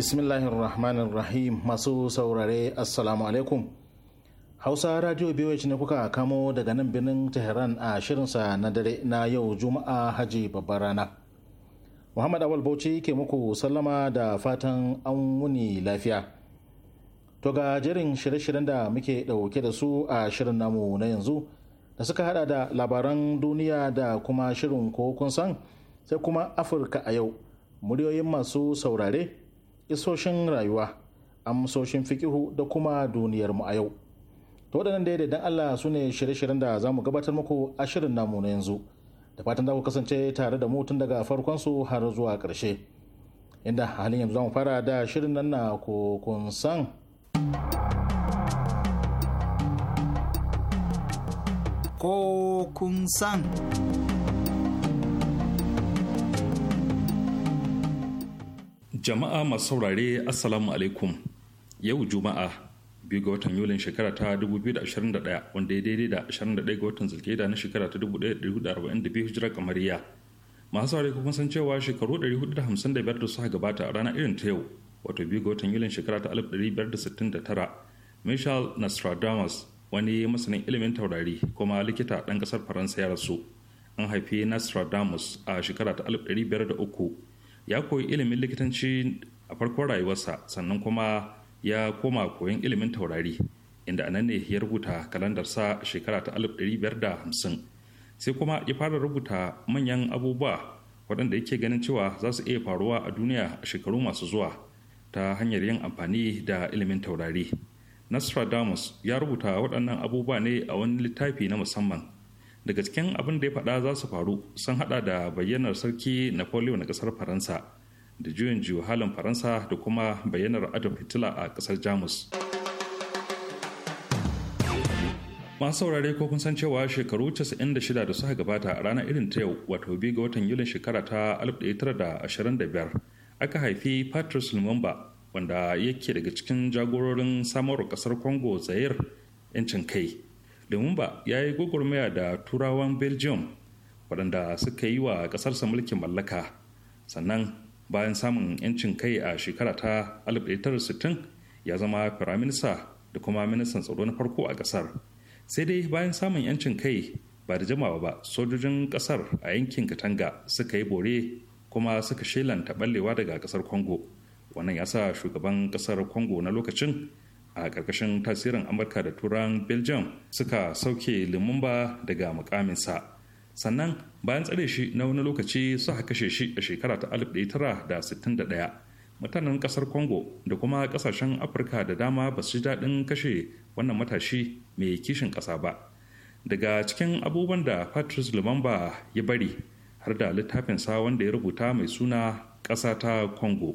bismillahir rahmanir rahim masu saurare assalamu alaikum hausa radio biyu ne kuka kamo daga nan birnin tehran a shirinsa na dare na yau juma'a haji babbar rana muhammad awal bauchi ke muku sallama da fatan an wuni lafiya to ga jerin shirye-shiryen da muke dauke da su a shirin namu na yanzu da suka hada da labaran duniya da kuma shirin ko kun san sai kuma afirka a yau muryoyin masu saurare isoshin rayuwa amsoshin fikihu da kuma duniyarmu a yau to waɗannan dai dan Allah su ne shirye-shiryen da za mu gabatar muku a shirin namu na yanzu da fatan za ku kasance tare da mu tun daga farkon su har zuwa ƙarshe inda halin yanzu za mu fara da shirin nan na kun san kokun san jama'a masu saurare assalamu alaikum yau juma'a biyu ga watan yulin shekara ta 2021 wanda ya daidai da 21 ga watan zulkeda na shekara ta 1442 hijirar kamariya masu saurare kuma san cewa shekaru 455 da suka gabata a ranar irin ta yau wato biyu ga watan yulin shekara ta 1569 michel nostradamus wani masanin ilimin taurari kuma likita ɗan ƙasar faransa ya rasu an haifi nostradamus a shekara ta 1503 ya koyi ilimin likitanci a farkon rayuwarsa sannan kuma ya koma koyon ilimin taurari inda anan ne ya rubuta kalandarsa shekara ta 1550 sai kuma ya fara rubuta manyan abubuwa waɗanda yake ganin cewa za su iya faruwa a duniya a shekaru masu zuwa ta hanyar yin amfani da ilimin taurari nostradamus ya rubuta waɗannan abubuwa ne a wani littafi na musamman daga cikin abin da ya faɗa za su faru sun hada da bayyanar sarki napoleon na ƙasar faransa da juyin juyo halin faransa da kuma bayyanar adolf hitler a kasar jamus masu saurare ko kun san cewa shekaru 96 da suka gabata a ranar irin ta yau wato biyu ga watan yulin shekara ta 1925 aka haifi patrice lumumba wanda yake daga cikin jagororin samarwa kasar congo zaire 'yancin kai ba ya yi gwagwarmaya da turawan belgium waɗanda suka yi wa ƙasarsa mulkin mallaka sannan bayan samun 'yancin kai a shekara ta 1960 ya zama firaminista da kuma ministan tsaro na farko a ƙasar sai dai bayan samun 'yancin kai ba da jamawa ba sojojin ƙasar a yankin katanga suka yi bore kuma suka shelanta ɓallewa daga ƙasar congo wannan ya sa shugaban ƙasar congo na lokacin a ƙarƙashin tasirin amurka da turan belgium suka sauke lumumba daga mukaminsa sannan bayan tsare shi na wani lokaci suka kashe shi a shekara ta 1961 mutanen ƙasar congo da kuma ƙasashen afirka da dama ba su ji daɗin kashe wannan matashi mai kishin ƙasa ba daga cikin abubuwan da patrice lumumba ya bari har da littafinsa wanda ya rubuta mai suna ƙasa ta congo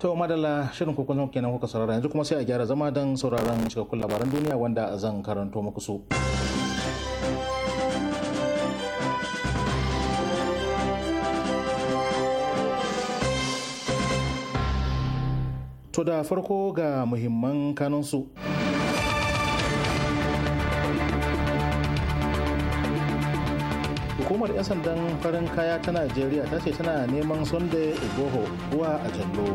To madalla shirin ku kullum kenan kuka saurara yanzu kuma sai a gyara zama don sauraron cikakkun labaran duniya wanda zan karanto muku su. To da farko ga muhimman kanunsu. su. hukumar 'yan sandan farin kaya ta najeriya ta ce tana neman sunday igboho kuwa a jallo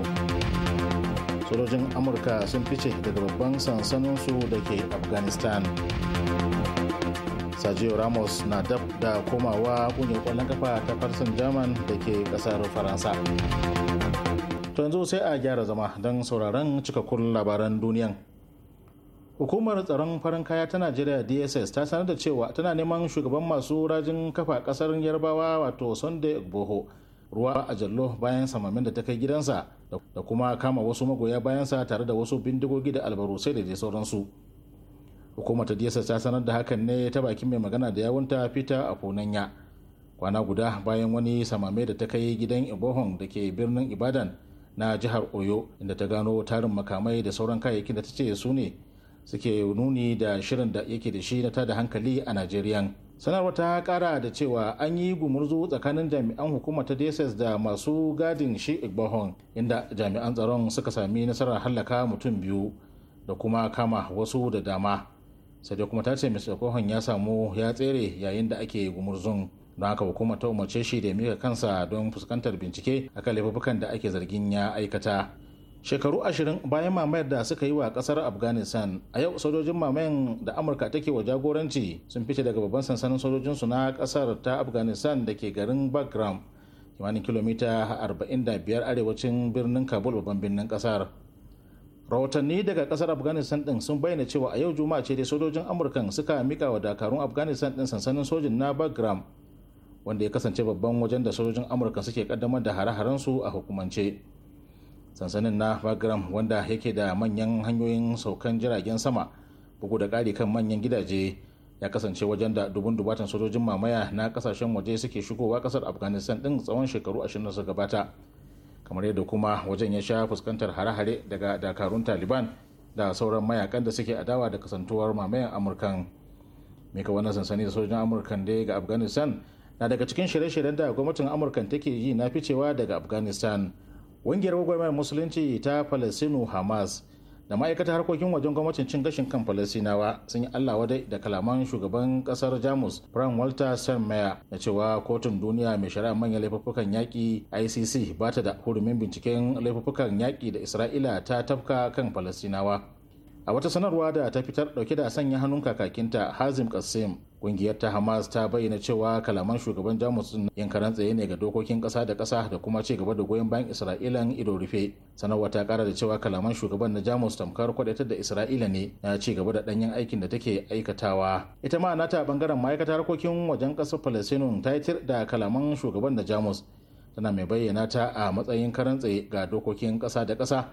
sojojin amurka sun fice daga babban sansaninsu da ke afghanistan sergio ramos na dab da komawa kungiyar kwallon kafa ta farsan german da ke kasar faransa to yanzu sai a gyara zama don sauraron cikakkun labaran duniyan hukumar tsaron farin kaya ta najeriya dss ta sanar da cewa tana neman shugaban masu rajin kafa kasar yarbawa wato sunday boho ruwa a jallo bayan samamin da ta kai gidansa da kuma kama wasu magoya bayansa tare da wasu bindigogi da albarusai da dai sauransu hukumar ta dss ta sanar da hakan ne ta bakin mai magana da yawunta a afunanya kwana guda bayan wani samame da ta kai gidan ibohon da ke birnin ibadan na jihar oyo inda ta gano tarin makamai da sauran kayayyakin da ta ce su ne suke nuni da shirin da yake da shi na tada hankali a najeriya sanarwa ta kara da cewa an yi gumurzu tsakanin jami'an hukumar ta dss da masu gadin shi igbohon inda jami'an tsaron suka sami nasarar hallaka mutum biyu da kuma kama wasu da dama sai dai kuma ta ce mr igbohon ya samu ya tsere yayin da ake gumurzun don haka hukumar ta umarce shi da mika kansa don fuskantar bincike akan laifukan da ake zargin ya aikata shekaru ashirin bayan mamayar da suka yi wa kasar afghanistan a yau sojojin mamayan da amurka take wa jagoranci sun fice daga babban sansanin sojojinsu na kasar ta afghanistan da ke garin bagram kimanin kilomita 45 arewacin birnin kabul babban birnin kasar rahotanni daga kasar afghanistan din sun bayyana cewa a yau juma'a ce dai sojojin amurkan suka mika wa dakarun afghanistan din sansanin sojin na bagram wanda ya kasance babban wajen da sojojin amurka suke kaddamar da hare-harensu a hukumance sansanin na bagram wanda yake da manyan hanyoyin saukan jiragen sama bugu da ƙari kan manyan gidaje ya kasance wajen da dubun dubatan sojojin mamaya na kasashen waje suke shigowa kasar afghanistan din tsawon shekaru ashirin su gabata kamar yadda kuma wajen ya sha fuskantar hare-hare daga dakarun taliban da sauran mayakan da suke adawa da kasantuwar mamayan amurkan mika wannan sansani da sojojin amurkan dai ga afghanistan na daga cikin shirye-shiryen da gwamnatin amurkan take yi na ficewa daga afghanistan ƙungiyar gwagwarmayar musulunci ta falasinu hamas da ma'aikatar harkokin wajen gwamnatin cin gashin kan falasinawa sun yi allah wadai da kalaman shugaban kasar jamus frank walter steinmeier na cewa kotun duniya mai shari'a manyan laifuffukan yaƙi icc ba ta da hurumin binciken laifuffukan yaƙi da isra'ila ta tafka kan falasinawa a wata sanarwa da ta fitar dauke da sanya hannun kakakinta hazim kasim kungiyar ta hamas ta bayyana cewa kalaman shugaban jamus din yankaran tsaye ne ga dokokin kasa da kasa da kuma ci gaba da goyon bayan isra'ilan ido rufe sanarwa ta kara da cewa kalaman shugaban na jamus tamkar kwadatar da isra'ila ne na ci gaba da danyen aikin da take aikatawa ita ma nata bangaren ma'aikatar harkokin wajen kasar palestinun ta yi da kalaman shugaban na jamus tana mai bayyana ta a matsayin karan tsaye ga dokokin kasa da kasa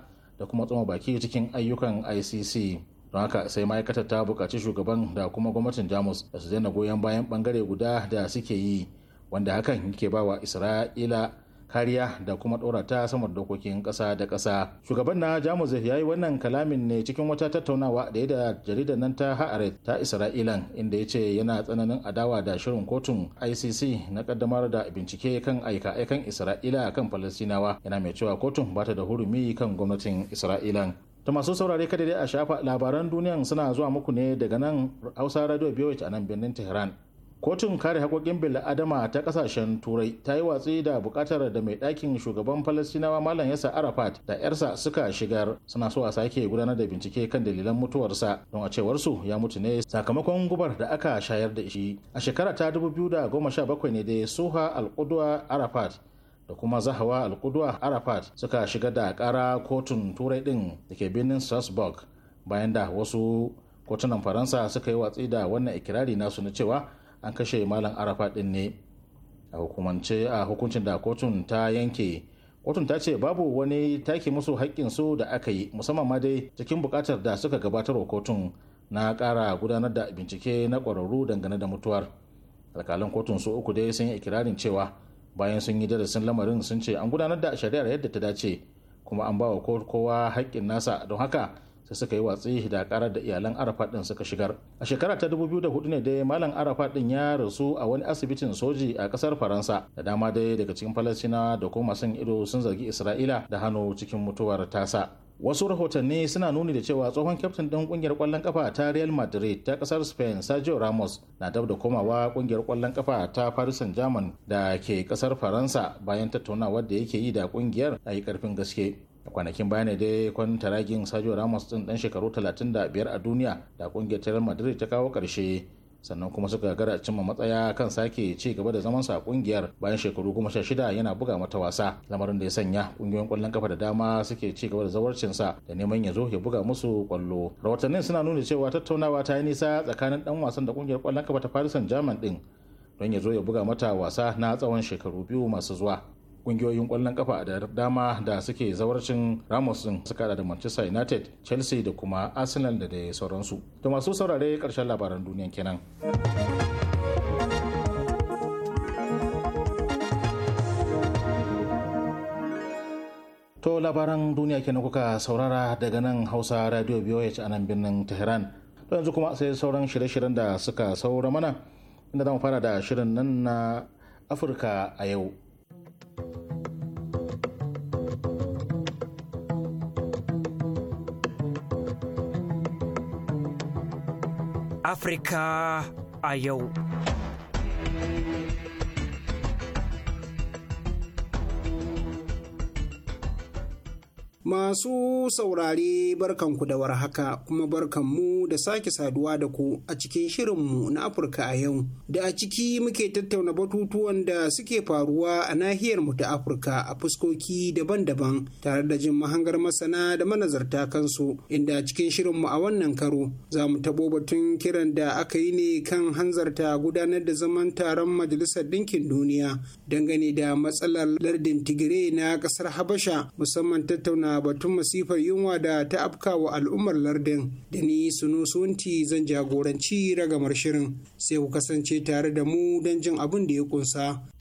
da kuma tsoma baki cikin ayyukan icc don haka sai ma'aikatar ta buƙaci shugaban da kuma gwamnatin jamus da su daina goyon bayan ɓangare guda da suke yi wanda hakan yake ba wa isra'ila kariya da kuma ɗora ta dokokin ƙasa da ƙasa shugaban na jamus ya yi wannan kalamin ne cikin wata tattaunawa da ya da jaridar nan ta ha'aret ta isra'ilan inda ya ce yana tsananin adawa da shirin kotun icc na kaddamar da bincike kan aika-aikan isra'ila kan falastinawa yana mai cewa kotun ba ta da hurumi kan gwamnatin isra'ilan ta masu saurare kada dai a shafa labaran duniyan suna zuwa muku ne daga nan hausa radio biyu a nan birnin tehran kotun kare haƙoƙin bil'adama ta ƙasashen turai ta yi watsi da bukatar da mai ɗakin shugaban falastinawa malam yasa arafat da yarsa suka shigar suna so a sake gudanar da bincike kan dalilan mutuwarsa don a cewarsu ya mutu ne sakamakon gubar da aka shayar da shi a shekara ta bakwai ne da suha alƙudwa arafat da kuma zahawa alƙudwa arafat suka shiga da kara kotun turai ɗin da ke birnin strasbourg bayan da wasu kotunan faransa suka yi watsi da wannan ikirari nasu na cewa an kashe malam arafa din ne a hukumance a hukuncin da kotun ta yanke kotun ta ce babu wani take musu haƙƙinsu da aka yi musamman ma dai cikin buƙatar da suka gabatar wa kotun na ƙara gudanar da bincike na ƙwararru dangane da mutuwar alkalin kotun su uku dai sun yi ikirarin cewa bayan sun yi darasin lamarin sun ce an gudanar da shari'ar yadda ta dace kuma an ba wa kowa haƙƙin nasa don haka sai suka yi watsi da karar da iyalan arafa din suka shigar a shekara ta 2004 ne dai malam arafa din ya rasu a wani asibitin soji a kasar faransa da dama dai daga cikin falastina da kuma sun ido sun zargi isra'ila da hannu cikin mutuwar tasa wasu rahotanni suna nuni da cewa tsohon kyaftin ɗin ƙungiyar ƙwallon kafa ta real madrid ta ƙasar spain sergio ramos na dab da komawa ƙungiyar kwallon kafa ta paris saint germain da ke ƙasar faransa bayan tattaunawar da yake yi da ƙungiyar a yi ƙarfin gaske a kwanakin baya ne dai kwantaragin sajo ramos din dan shekaru 35 a duniya da kungiyar real madrid ta kawo karshe sannan kuma suka gara cimma matsaya kan sake ci gaba da zaman sa kungiyar bayan shekaru goma sha shida yana buga mata wasa lamarin da ya sanya kungiyoyin kwallon kafa da dama suke ci gaba da zawarcin sa da neman ya zo ya buga musu kwallo rahotannin suna nuna cewa tattaunawa ta yi nisa tsakanin dan wasan da kungiyar kwallon kafa ta Paris Saint-Germain din don ya zo ya buga mata wasa na tsawon shekaru biyu masu zuwa kungiyoyin kwallon kafa da dama da suke zawarcin ramos din suka da manchester united chelsea da kuma arsenal da dai sauransu da masu saurare karshen labaran duniyan kenan to labaran duniya kenan kuka saurara daga nan hausa radio voh a nan birnin tehran yanzu kuma sai sauran shirye-shiryen da suka saura mana inda zamu fara da shirin nan na afirka a yau Afirka a yau. Masu saurare barkanku da warhaka kuma barkanmu da sake saduwa da ku a cikin shirinmu na Afirka a yau. Da a ciki muke tattauna batutuwan da suke faruwa a nahiyarmu ta Afirka a fuskoki daban-daban tare da jin mahangar masana da manazarta kansu inda a cikin shirinmu a wannan karo za mu tabo batun kiran da aka yi ne kan hanzarta gudanar da zaman taron Majalisar Ɗinkin Duniya dangane da matsalar lardin Tigire na ƙasar Habasha musamman tattauna batun masifar yunwa da ta afkawa al'ummar lardin da ni sunu sunti zan jagoranci ragamar shirin sai ku kasance tare da mu don jin abin da ya kunsa.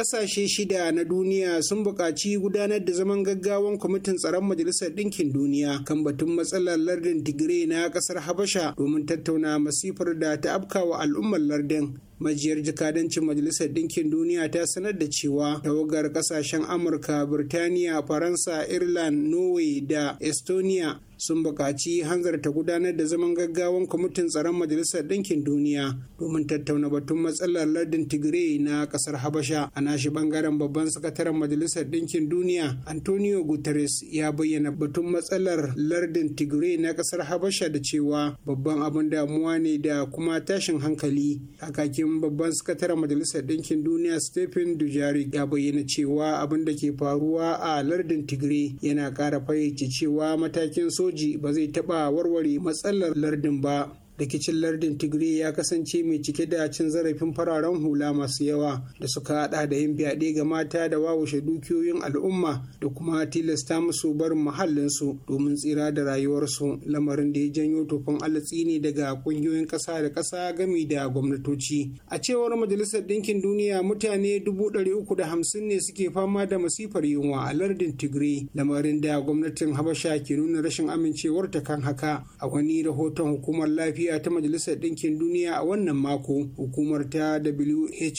Ƙasashe shida na duniya sun buƙaci gudanar da zaman gaggawan kwamitin tsaron majalisar ɗinkin duniya kan batun matsalar lardin tigray na ƙasar habasha domin tattauna masifar da ta afkawa al'ummar lardin majiyar jakadancin majalisar ɗinkin duniya ta sanar da cewa tawagar ƙasashen amurka birtaniya faransa irland norway da estonia sun buƙaci hanzarta gudanar da zaman gaggawan kwamitin tsaron majalisar ɗinkin duniya domin tattauna batun matsalar lardin tigray na ƙasar habasha a nashi ɓangaren babban sakataren majalisar ɗinkin duniya antonio guterres ya bayyana batun matsalar lardin tigray na ƙasar habasha da cewa babban abin damuwa ne da kuma tashin hankali kakakin shugaban babban sakataren majalisar ɗinkin duniya stephen dujari ya bayyana cewa abin da ke faruwa a lardin tigray yana ƙara fayyace cewa matakin soji ba zai taɓa warware matsalar lardin ba rikicin lardin tigray ya kasance mai cike da cin zarafin fararen hula masu yawa da suka hada da yin fyaɗe ga mata da wawushe dukiyoyin al'umma da kuma tilasta musu barin muhallinsu domin tsira da rayuwarsu lamarin da ya janyo tofin alatsi ne daga ƙungiyoyin ƙasa da ƙasa gami da gwamnatoci a cewar majalisar ɗinkin duniya mutane dubu ɗari uku da hamsin ne suke fama da masifar yunwa a lardin tigray lamarin da gwamnatin habasha ke nuna rashin amincewarta kan haka a wani rahoton hukumar lafiya lafiya ta majalisar ɗinkin duniya a wannan mako hukumar ta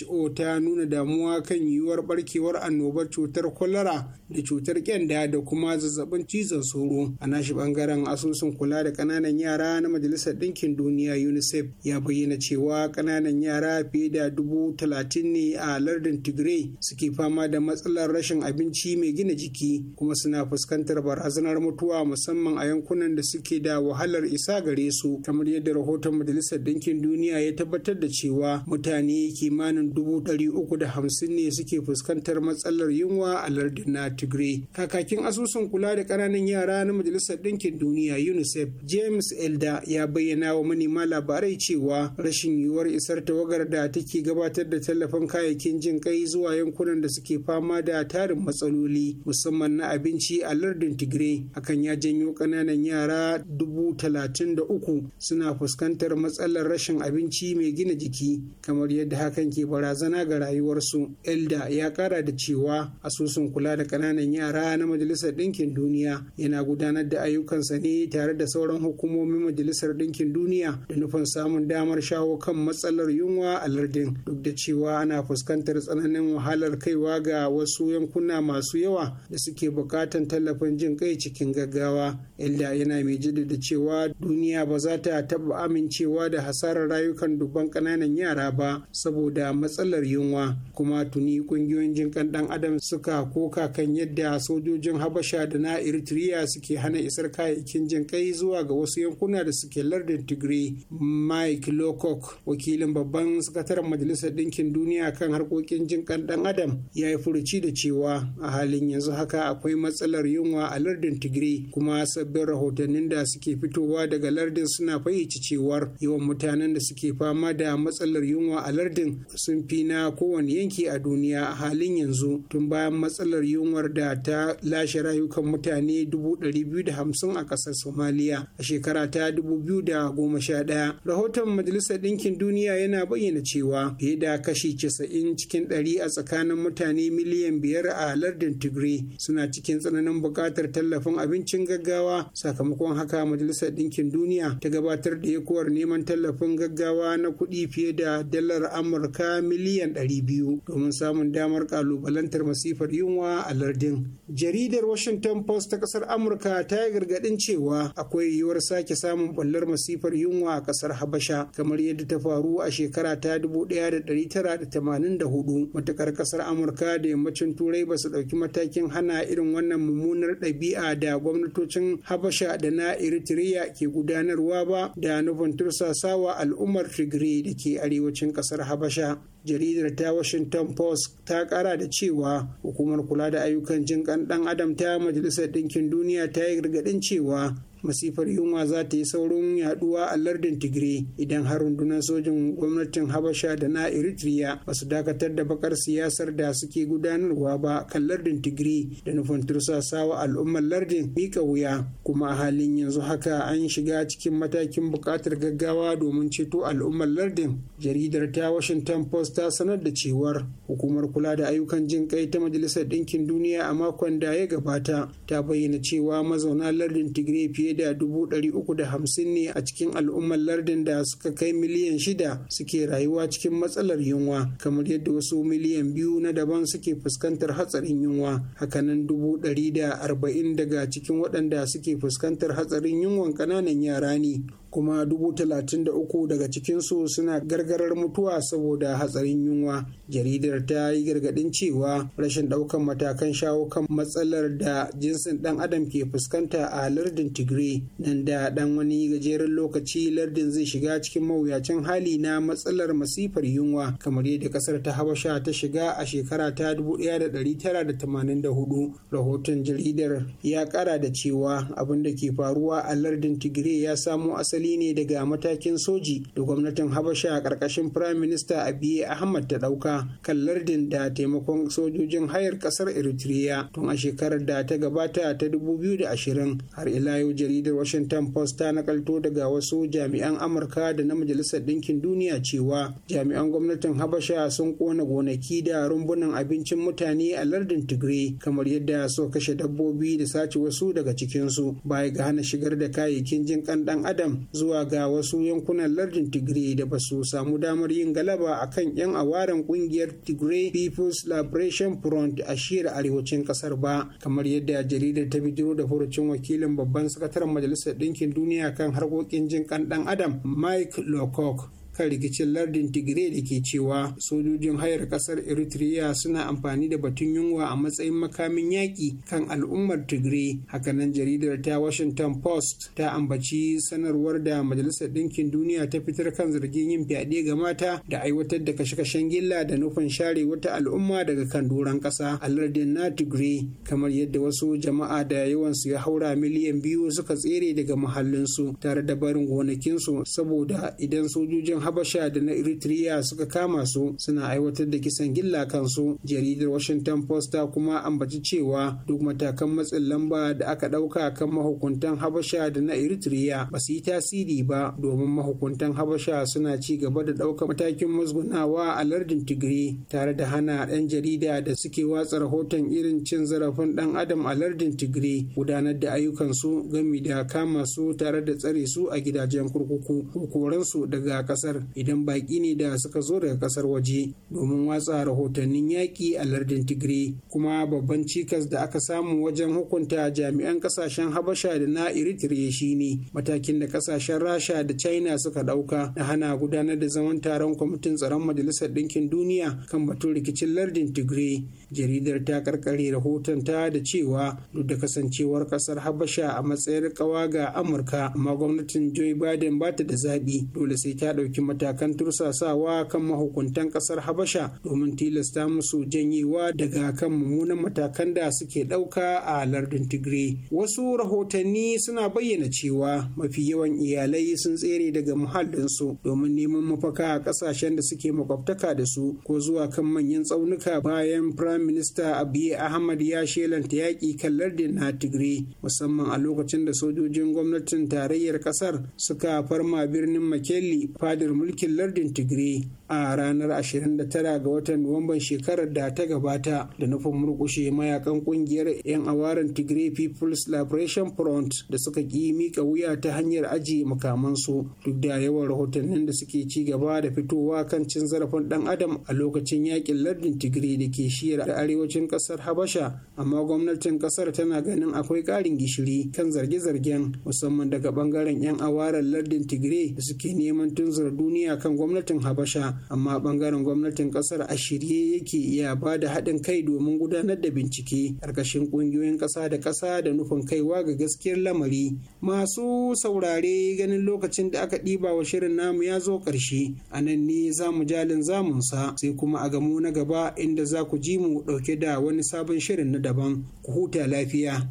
who ta nuna damuwa kan yiwuwar barkewar annobar cutar kwalara da cutar kyanda da kuma zazzabin cizon sauro a nashi bangaren asusun kula da ƙananan yara na majalisar ɗinkin duniya unicef ya bayyana cewa ƙananan yara fiye da dubu talatin ne a lardin tigray suke fama da matsalar rashin abinci mai gina jiki kuma suna fuskantar barazanar mutuwa musamman a yankunan da suke da wahalar isa gare su kamar yadda da rahoton majalisar ɗinkin duniya ya tabbatar da cewa mutane kimanin dubu ɗari uku da hamsin ne suke fuskantar matsalar yunwa a lardin na tigray kakakin asusun kula da ƙananan yara na majalisar ɗinkin duniya unicef james elda ya bayyana wa manema labarai cewa rashin yiwuwar isar tawagar da take gabatar da tallafin kayayyakin jin kai zuwa yankunan da suke fama da tarin matsaloli musamman na abinci a lardin tigray hakan ya janyo ƙananan yara dubu talatin da uku suna fuskantar matsalar rashin abinci mai gina jiki kamar yadda hakan ke barazana ga rayuwarsu elda ya kara da cewa asusun kula da kananan yara na majalisar ɗinkin duniya yana gudanar da ayyukansa ne tare da sauran hukumomin majalisar ɗinkin duniya da nufin samun damar shawo kan matsalar yunwa a lardin duk da cewa ana fuskantar tsananin wahalar kaiwa ga wasu yankuna masu yawa da suke bukatan tallafin jin kai cikin gaggawa elda yana mai jaddada cewa duniya ba za ta taba taɓa amincewa da hasarar rayukan dubban ƙananan yara ba saboda matsalar yunwa kuma tuni ƙungiyoyin jinƙan ɗan adam suka koka kan yadda sojojin habasha da na eritrea suke hana isar kayayyakin jinƙai zuwa ga wasu yankuna da suke lardin tigray mike lowcock wakilin babban sakataren majalisar ɗinkin duniya kan harkokin jinƙan ɗan adam ya yi furuci da cewa a halin yanzu haka akwai matsalar yunwa a lardin tigray kuma sabbin rahotannin da suke fitowa daga lardin suna fayyace cewar yawan mutanen da suke fama da matsalar yunwa a lardin sun fi na kowane yanki a duniya a halin yanzu tun bayan matsalar yunwar da ta lashe rayukan mutane 250 a ƙasar somaliya a shekara ta 2011 rahoton majalisar ɗinkin duniya yana bayyana cewa fiye da kashi 90 cikin 100 a tsakanin mutane miliyan 5 a lardin tigray suna cikin tsananin buƙatar tallafin abincin gaggawa sakamakon haka majalisar ɗinkin duniya ta gabatar da kokowar neman tallafin gaggawa na kuɗi fiye da dalar amurka miliyan 200 domin samun damar kalubalantar masifar yunwa a lardin jaridar washington post ta kasar amurka ta yi gargaɗin cewa akwai yiwuwar sake samun ballar masifar yunwa a kasar habasha kamar yadda ta faru a shekara ta 1984 matakar kasar amurka da yammacin turai ba su ɗauki matakin hana irin wannan mummunar ɗabi'a da gwamnatocin habasha da na eritrea ke gudanarwa ba da da nufin tursasawa al'ummar tigray da ke arewacin kasar habasha jaridar ta washington post ta kara da cewa hukumar kula da ayyukan jin kan dan adam ta majalisar ɗinkin duniya ta yi gargaɗin cewa masifar yunwa za ta yi saurin yaduwa a lardin tigray idan har rundunar sojin gwamnatin habasha da na eritrea ba su dakatar da bakar siyasar da suke gudanarwa ba kan lardin tigray da nufin tursasawa al'ummar lardin mika wuya kuma a halin yanzu haka an shiga cikin matakin buƙatar gaggawa domin ceto al'ummar lardin jaridar ta washington post ta sanar da cewar hukumar kula da ayyukan jin kai ta majalisar ɗinkin duniya a makon da ya gabata ta bayyana cewa mazauna lardin tigray fiye fiye da dubu ɗari uku da hamsin ne a cikin al'ummar lardin da suka kai miliyan shida suke rayuwa cikin matsalar yunwa kamar yadda wasu miliyan biyu na daban suke fuskantar hatsarin yunwa hakanan dubu ɗari da arba'in daga cikin waɗanda suke fuskantar hatsarin yunwan ƙananan yara ne kuma dubu talatin da uku daga cikinsu suna gargarar mutuwa saboda hatsarin yunwa jaridar ta yi gargadin cewa rashin daukan matakan shawo kan matsalar da jinsin dan adam ke fuskanta a lardin tigray nan da dan wani gajeren lokaci lardin zai shiga cikin mawuyacin hali na matsalar masifar yunwa kamar yadda kasar ta habasha ta shiga a shekara ta 1984 rahoton jaridar ya kara da cewa abin da ke faruwa a lardin tigray ya samo asali asali ne daga matakin soji da gwamnatin habasha a ƙarƙashin firayim minista abiy ahmad ta ɗauka kan lardin da taimakon sojojin hayar ƙasar eritrea tun a shekarar da ta gabata ta 2020 har ila yau jaridar washington post ta nakalto daga wasu jami'an amurka da na majalisar ɗinkin duniya cewa jami'an gwamnatin habasha sun kona gonaki da rumbunan abincin mutane a lardin tigray kamar yadda so kashe dabbobi da sace wasu daga cikinsu baya ga hana shigar da kayayyakin jin kan dan adam zuwa ga wasu yankunan lardin tigray da ba su samu damar yin galaba a kan 'yan awaren kungiyar tigray people's liberation front a shiyar arewacin kasar ba kamar yadda jaridar ta bidiyo da furucin wakilin babban sakataren majalisar ɗinkin duniya kan harkokin jin kan ɗan adam mike lowcock kan rikicin lardin tigray da ke cewa sojojin hayar kasar eritrea suna amfani da batun yunwa a matsayin makamin yaƙi kan al'ummar tigray hakanan jaridar ta washington post ta ambaci sanarwar da majalisar ɗinkin duniya ta fitar kan zargin yin fyaɗe ga mata da aiwatar da kashe-kashen gilla da nufin share wata al'umma daga kan doron ƙasa a lardin na tigray kamar yadda wasu jama'a da yawan su ya haura miliyan biyu suka tsere daga muhallinsu tare da barin gonakinsu saboda idan sojojin habasha da na eritrea suka kama su suna aiwatar da kisan gilla kansu jaridar washington post ta kuma ambaci cewa duk matakan matsin lamba da aka ɗauka kan mahukuntan habasha da na eritrea ba su yi tasiri ba domin mahukuntan habasha suna ci gaba da ɗaukar matakin musgunawa a lardin tigray tare da hana ɗan jarida da suke watsa rahoton irin cin zarafin ɗan adam a lardin tigray gudanar da ayyukansu gami da kama su tare da tsare su a gidajen kurkuku ko koransu daga ƙasar kasar idan baƙi ne da suka zo daga kasar waje domin watsa rahotannin yaƙi a lardin tigray kuma babban cikas da aka samu wajen hukunta jami'an kasashen habasha da na eritrea shine matakin da kasashen rasha da china suka ɗauka na hana gudanar da zaman taron kwamitin tsaron majalisar ɗinkin duniya kan batun rikicin lardin tigray jaridar ta karkare rahoton ta da cewa duk da kasancewar kasar habasha a matsayin kawa ga amurka amma gwamnatin joe biden ba ta da zaɓi dole sai ta ɗauki ɗauki matakan tursasawa kan mahukuntan ƙasar habasha domin tilasta musu janyewa daga kan mummunan matakan da suke ɗauka a lardin tigray wasu rahotanni suna bayyana cewa mafi yawan iyalai sun tsere daga muhallinsu domin neman mafaka a ƙasashen da suke makwabtaka da su ko zuwa kan manyan tsaunuka bayan firayim minista abiy ahmad ya shelanta yaƙi kan lardin na tigray musamman a lokacin da sojojin gwamnatin tarayyar ƙasar suka farma birnin makelli fadar jam'iyyar mulkin lardin tigray a ranar 29 ga watan nuwamban shekarar da ta gabata da nufin murkushe mayakan ƙungiyar 'yan awaren tigray people's liberation front da suka ki mika wuya ta hanyar ajiye makamansu duk da yawan rahotannin da suke ci gaba da fitowa kan cin zarafin dan adam a lokacin yakin lardin tigray da ke shiyar da arewacin ƙasar habasha amma gwamnatin ƙasar tana ganin akwai ƙarin gishiri kan zarge-zargen musamman daga ɓangaren 'yan awaren lardin tigray da suke neman tunzar duniya kan gwamnatin habasha amma bangaren gwamnatin kasar a shirye yake iya ba da haɗin kai domin gudanar da bincike ƙarƙashin ƙungiyoyin ƙasa da ƙasa da nufin kaiwa ga gaskiyar lamari masu saurare ganin lokacin da aka ɗiba wa shirin namu ya zo ƙarshe a nan ne za mu jalin zamunsa sai kuma a gamo na gaba inda za ku ji mu ɗauke da wani sabon shirin na daban ku huta lafiya.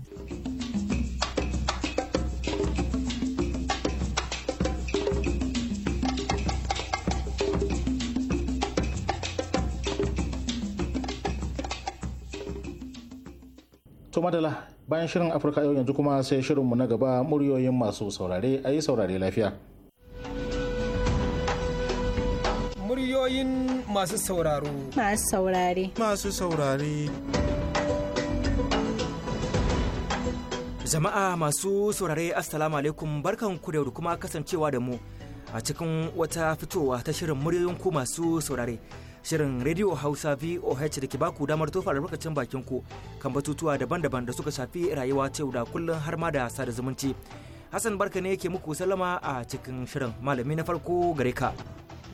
to madala bayan shirin afirka yau yanzu kuma sai shirinmu na gaba muryoyin masu saurare a yi saurare lafiya muryoyin masu sauraro masu saurare masu saurare jama'a masu saurare assalamu alaikum barkan ku da kuma kasancewa da mu a cikin wata fitowa ta shirin muryoyin ku masu saurare Shirin Radio Hausa VOH da ke baku damar tofa albarkacin bakin ku kan batutuwa daban-daban da suka shafi rayuwa ta yau da kullum har ma da sada zumunci. Hassan barka ne ke muku salama a cikin shirin malami na farko gare ka.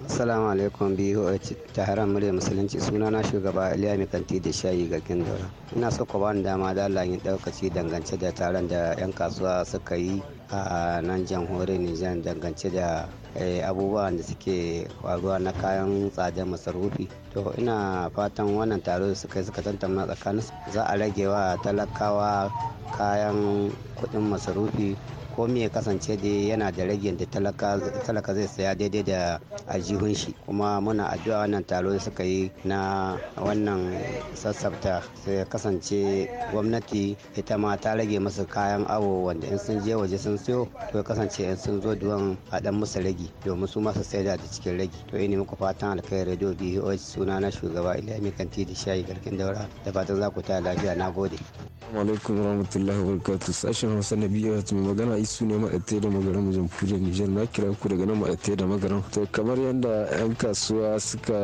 Assalamu alaikum ta haram murya musulunci suna na shugaba Iliya Kanti da shayi ga gindora Ina so ku bani dama da Allah yin daukaci dangance da taron da yan kasuwa suka yi a nan jamhuriyar Nijar dangance da Eh, abubuwan da suke faruwa na kayan tsadar masarufi to ina fatan wannan taro da suka suka tantamna tsakanin za a rage wa talakawa kayan kudin masarufi ko me ya kasance da yana da rage da talaka zai saya daidai da ajihun shi kuma muna addu'a wannan taro da suka yi na wannan sassafta sai kasance gwamnati ita ma ta rage masu kayan awo wanda in sun je waje sun siyo to kasance in sun zo duwan a dan musu ragi domin su masu saida da cikin ragi to ne muku fatan alkai radio BOH suna na shugaba Ilyami Kanti da Shayi Garkin Daura da fatan za ku ta lafiya na gode. Assalamu alaikum warahmatullahi wabarakatuh sashen Hausa na biyu mai magana su ne ma'aikatai da magaran jamhuriyar nijar na kira ku daga nan ma'aikatai da magaran to kamar yadda 'yan kasuwa suka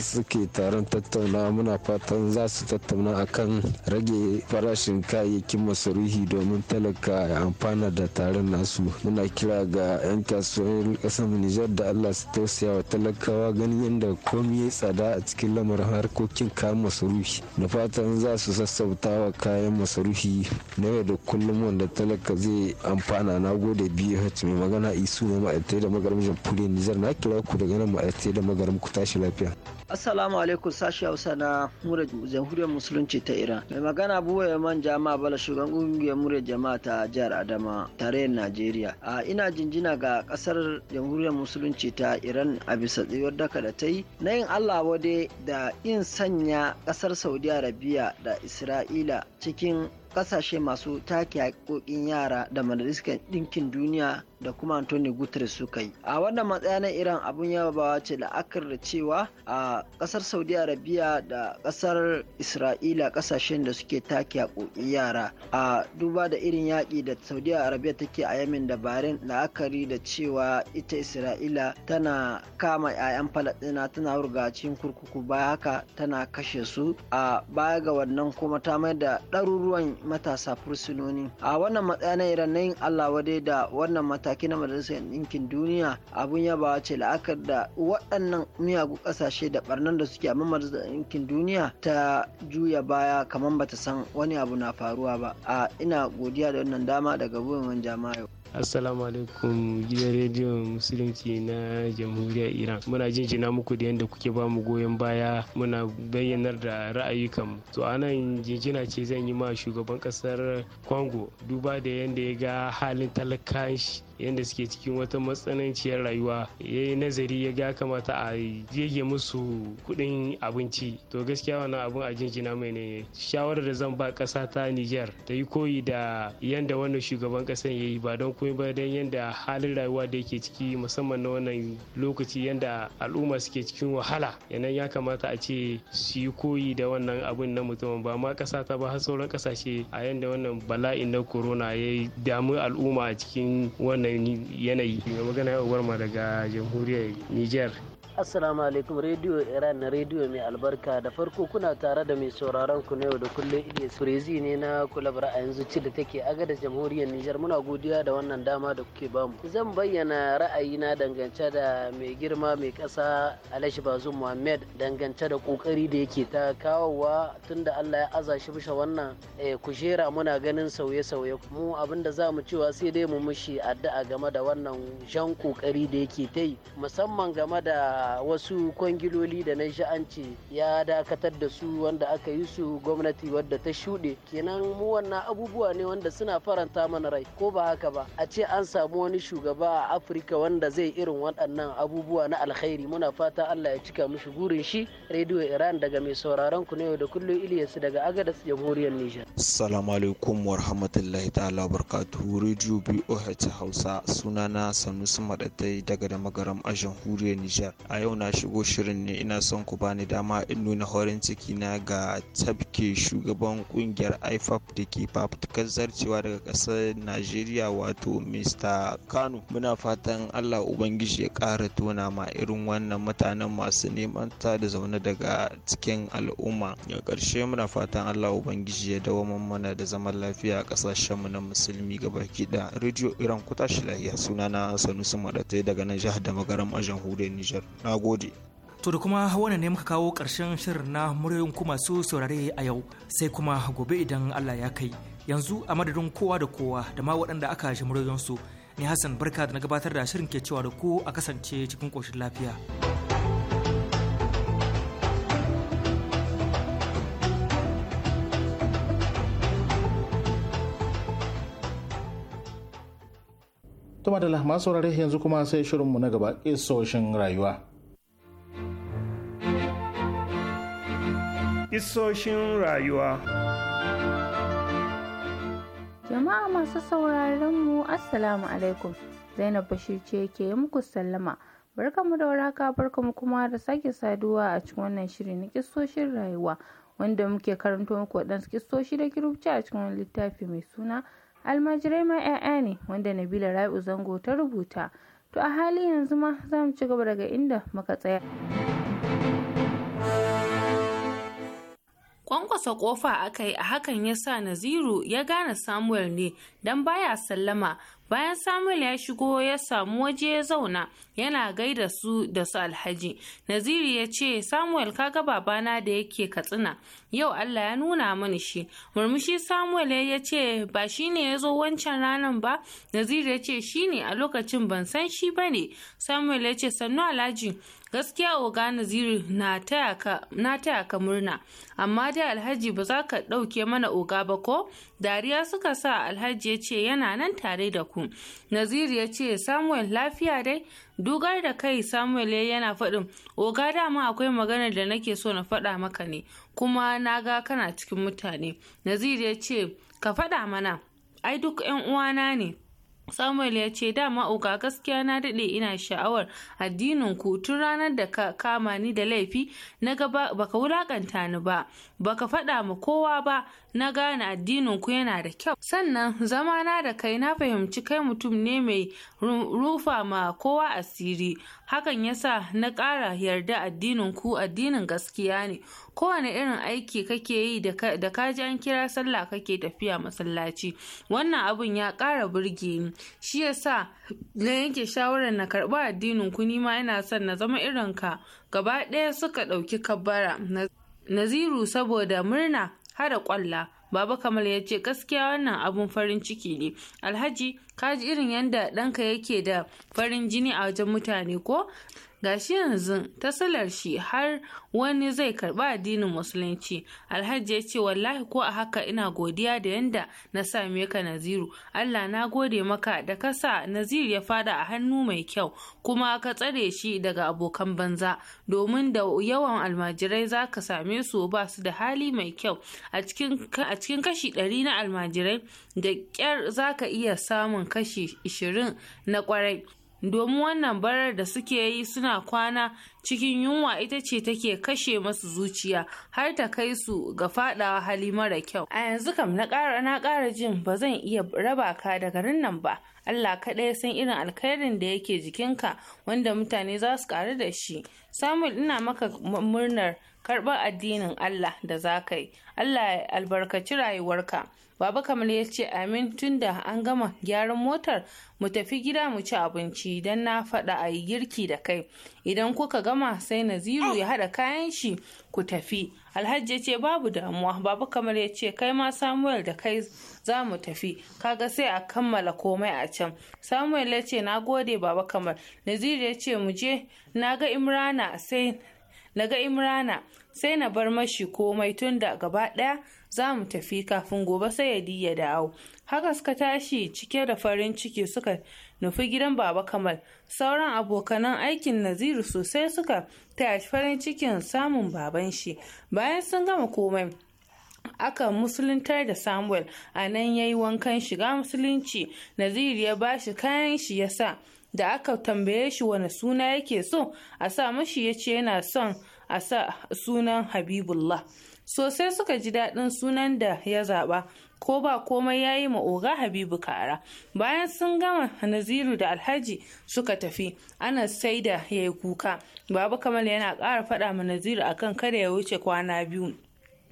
suke taron tattauna muna fatan za su tattauna kan rage farashin kayayyakin masarufi domin talaka ya amfana da taron nasu muna kira ga 'yan kasuwar kasar nijar da allah su tausaya wa talakawa ganin yadda komai ya tsada a cikin lamarin harkokin kayan masarufi da fatan za su sassauta wa kayan masarufi na yau da kullum wanda talaka zai amfana na gode BH mai magana isu na ma'aikatai da magaram jamhuriyar Nijar na kira ku daga nan ma'aikatai da magaram ku tashi lafiya. Assalamu alaikum sashi Hausa na mura Jamhuriyar Musulunci ta Iran. Mai magana buwa ya man jama'a bala shugaban kungiyar mura Jama'a ta jihar Adama tarayyar Najeriya. A ina jinjina ga kasar Jamhuriyar Musulunci ta Iran a bisa tsayuwar daka da ta yi na yin Allah wade da in sanya kasar Saudi Arabia da Isra'ila cikin kasashe masu take haƙoƙin yara da majalisar ɗinkin duniya da kuma Anthony Guterres suka yi. A wannan matsaya na Iran abun yabawa ce la'akar da cewa a kasar Saudi Arabia da kasar Isra'ila kasashen da suke take haƙoƙi yara a duba da irin yaƙi da Saudi Arabia take a yamin da Bahrain la'akari da cewa ita Isra'ila tana kama 'ya'yan falastina tana hurga kurkuku baya haka tana kashe su a baya ga wannan kuma ta mai da ɗaruruwan matasa fursunoni a wannan matsaya na Iran na yin Allah wadai da wannan mataki na majalisar ɗinkin duniya abun ya yaba ce la'akar da waɗannan miyagun ƙasashe da barnan da suke amma majalisar ɗinkin duniya ta juya baya kamar bata san wani abu na faruwa ba a ina godiya da wannan dama daga buwan jama'a assalamu alaikum gidan rediyon musulunci na jamhuriyar iran muna jinjina muku da yadda kuke ba mu goyon baya muna bayyanar da ra'ayukan to anan jinjina ce zan yi ma shugaban kasar congo duba da yadda ya ga halin talakashi. yanda suke cikin wata matsananciyar rayuwa ya yi nazari ya ga kamata a yage musu kuɗin abinci to gaskiya wannan abun a jinjina mai ne shawarar da zan ba ƙasa ta niger ta yi koyi da yanda wannan shugaban ƙasar ya yi ba don kuma ba don yadda halin rayuwa da yake ciki musamman na wannan lokaci yanda al'umma suke cikin wahala yanan ya kamata a ce su yi koyi da wannan abin na mutumin ba ma ƙasa ta ba har sauran ƙasashe a yanda wannan bala'in na corona ya damu al'umma a cikin wannan yanayi mai magana ya ubarma daga jamhuriyar niger Assalamu alaikum Radio Iran na Radio mai albarka da farko kuna tare da mai sauraron ku na yau da kullum Idris Surezi ne na kulabar a yanzu ci da take aga da jamhuriyar Nijar muna godiya da wannan dama da kuke bamu. Zan bayyana ra'ayina dangance da mai girma mai ƙasa Alhaji Bazum Muhammad dangance da kokari da yake ta kawowa tunda Allah ya aza shi bisa wannan eh, kujera muna ganin sauye-sauye mu abinda za mu cewa sai dai mu mushi addu'a game da wannan jan kokari da yake ta musamman game da wasu kwangiloli da na sha'anci ya dakatar da su wanda aka yi su gwamnati wadda ta shuɗe kenan mu wannan abubuwa ne wanda suna faranta mana rai ko ba haka ba a ce an samu wani shugaba a afirka wanda zai irin waɗannan abubuwa na alkhairi muna fata allah ya cika mushi gurin shi rediyo iran daga mai sauraron ku ne da kullum ilyasu daga agadas jamhuriyar nijar assalamu alaikum wa ta'ala barkatu rediyo boh hausa sunana sanusi madatai daga da magaram a jamhuriyar nijar a yau na shigo shirin ne ina son ku bani dama in nuna horin ciki na ga tabke shugaban kungiyar ifap da ke fafutukar zarcewa daga kasar najeriya wato mr kano muna fatan allah ubangiji ya kara tona ma irin wannan mutanen masu neman ta da zaune daga cikin al'umma karshe karshe muna fatan allah ubangiji ya dawo mana da zaman lafiya a mu na musulmi gabaki da rediyo iran kuta shi lahiya sunana sanusi madatai daga nan jihar da a jamhuriyar nijar na gode To da kuma wannan ne muka kawo ƙarshen shirin na muryoyin kuma masu saurare a yau sai kuma gobe idan Allah ya kai. Yanzu a madadin kowa da kowa da ma waɗanda aka shi muryoyinsu ne Hassan barka da na gabatar da shirin ke cewa da ku a kasance cikin ƙoshin lafiya. Tuma da masu saurare yanzu kuma sai shirinmu na gaba isoshin rayuwa. Isoshin rayuwa. Jama'a masu sauraron mu Assalamu alaikum. Zainab Bashir ce ke muku sallama. Barkamu da waraka barkamu kuma da sake saduwa a cikin wannan shiri na kissoshin rayuwa wanda muke karanto muku waɗansu kissoshi da kirubci a cikin wani littafi mai suna almajirai ma 'ya'ya ne wanda Nabila Rabi'u Zango ta rubuta. To a hali yanzu ma za mu ci gaba daga inda muka tsaya. Kwankwasa kofa aka yi a hakan ya sa Naziru ya gane Samuel ne don baya sallama. Bayan Samuel ya shigo ya samu waje ya zauna yana gaida su da su alhaji. Naziru ya ce, Samuel kaga babana da yake katsina, yau Allah ya nuna mani shi. Murmushi Samuel ya ce, ba shi ne ya zo wancan ranan ba? Naziru ya ce, shi ne a lokacin ban san shi ba ne. Samuel ya ce, sannu alhaji, gaskiya oga naziru na taya ka murna amma dai alhaji ba za ka ɗauke mana oga ba ko dariya suka sa alhaji ya ce yana nan tare da ku naziru ya ce samuel lafiya dai dugar da kai samuel ya yana faɗin oga dama akwai maganar da nake so na faɗa maka ne kuma na ga kana cikin mutane naziru ya ce ka faɗa mana ai duk 'yan uwana ne Samuel ya ce dama uga gaskiya na daɗe ina sha'awar addinin ku tun ranar da ka kama ni da laifi na ga baka wulakanta ni ba baka faɗa ma kowa ba na gane addinin ku yana da kyau sannan zamana da kai na fahimci kai mutum ne mai rufa ma kowa asiri hakan yasa na ƙara yarda addinin ku addinin gaskiya ne kowane irin aiki kake yi da kaji an kira sallah kake tafiya masallaci wannan abun ya ƙara burge ni shi yasa na yanke shawarar na karɓi addinin ku nima ina son na zama irin ka gaba ɗaya suka ɗauki kabbara naziru saboda murna hada ƙwalla baba kamal ya ce gaskiya wannan abun farin ciki ne alhaji ka ji irin yadda ɗanka yake da farin jini a wajen mutane ko gashi yanzu ta salar shi har wani zai karba addinin musulunci alhaji ya ce wallahi ko a haka ina godiya da yanda na same ka naziru allah na gode maka da ka sa naziru ya fada a hannu mai kyau kuma ka tsare shi daga abokan banza domin da yawan almajirai za ka same su ba su da hali mai kyau a cikin kashi ɗari na almajirai da ƙyar za ka iya samun kashi ishirin na kwarai domin wannan barar da suke yi suna kwana cikin yunwa ita ce take kashe masu zuciya har ta kai su ga fadawa hali mara kyau a yanzu kam na ƙara na ƙara jin ba zan iya raba ka da garin nan ba Allah kaɗai san irin alkhairin da yake jikinka wanda mutane za su ƙaru da shi Samuel ina maka murnar karɓar addinin Allah da za ka yi Allah ya albarkaci rayuwarka baba kamar ya ce amin tun da an gama gyaran motar mu tafi gida mu ci abinci don na faɗa a yi girki da kai idan kuka gama sai naziru ya haɗa kayan shi ku tafi alhaji ya ce babu damuwa baba kamar ya ce kai ma samuel da kai za mu tafi kaga sai a kammala komai a can samuel ya ce na gode baba kamar naziru ya ce mu je na ga imrana sai na ga imrana sai na bar mashi komai tun da gaba ɗaya za mu tafi kafin gobe sai ya diya dawo haka suka tashi cike da farin ciki suka nufi gidan baba kamal sauran abokanan aikin naziru sosai suka taya farin cikin samun baban shi bayan sun gama komai aka musuluntar da samuel a nan ya yi wankan shiga musulunci naziru ya bashi kayan shi ya sa da aka tambaye shi wani suna yake so a sa mashi ya ce yana son a sa sunan habibullah sosai suka ji daɗin sunan da ya zaɓa ko ba komai ya yi oga habibu kara bayan sun gama naziru da alhaji suka tafi ana sai da ya yi kuka babu kamal yana ƙara faɗa ma naziru akan kada ya wuce kwana biyu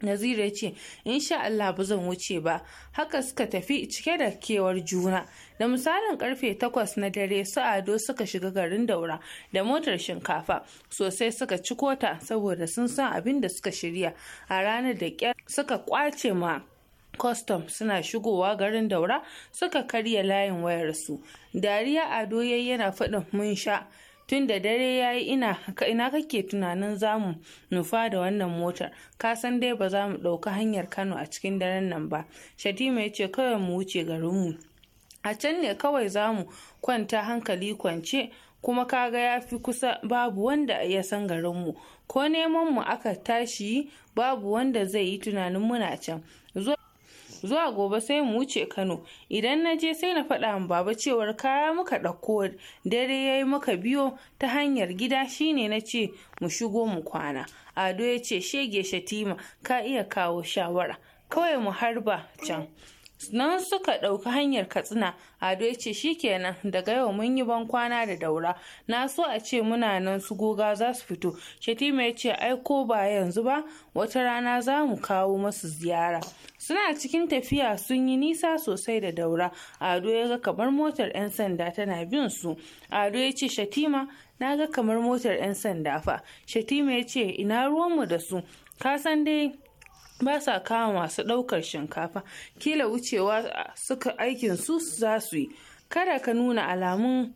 Naziru ya ce, in sha Allah ba zan wuce ba." Haka suka tafi cike da kewar juna. Da misalin karfe takwas na dare su Ado suka shiga garin Daura da motar shinkafa. Sosai suka ci kota saboda sun san abin da suka shirya. A ranar da kyar suka kwace ma kwastam suna shigowa garin Daura suka karya layin wayarsu. Dariya Ado yayi yana faɗin mun sha. tun da dare ya yi ina kake tunanin zamu nufa da wannan motar ka san dai ba za mu ɗauka hanyar kano a cikin daren nan ba shatima ya ce kawai mu wuce garinmu a can ne kawai za mu kwanta hankali kwance kuma kaga ya fi kusa babu wanda ya san garinmu ko neman mu aka tashi babu wanda zai yi tunanin muna can zuwa gobe sai mu wuce kano idan na je sai na faɗa wa baba cewar kaya muka ɗauko dare ya yi muka biyo ta hanyar gida shine na ce mu shigo mu kwana ado ya ce shege shatima ka iya kawo shawara kawai mu harba can nan suka ɗauki hanyar katsina ado ya ce shikenan daga yau mun yi ban kwana da daura na so a ce muna nan su goga za su fito shatima ya ce ai ko ba yanzu ba wata rana za mu kawo masu ziyara suna cikin tafiya sun yi nisa sosai da daura ado ya ga kamar motar 'yan sanda tana bin su ado ya ce shatima na ga kamar motar 'yan sanda fa shatima ya ce ina ruwanmu da su ka san dai ba sa kama masu ɗaukar shinkafa kila wucewa suka aikin su za su yi kada ka nuna alamun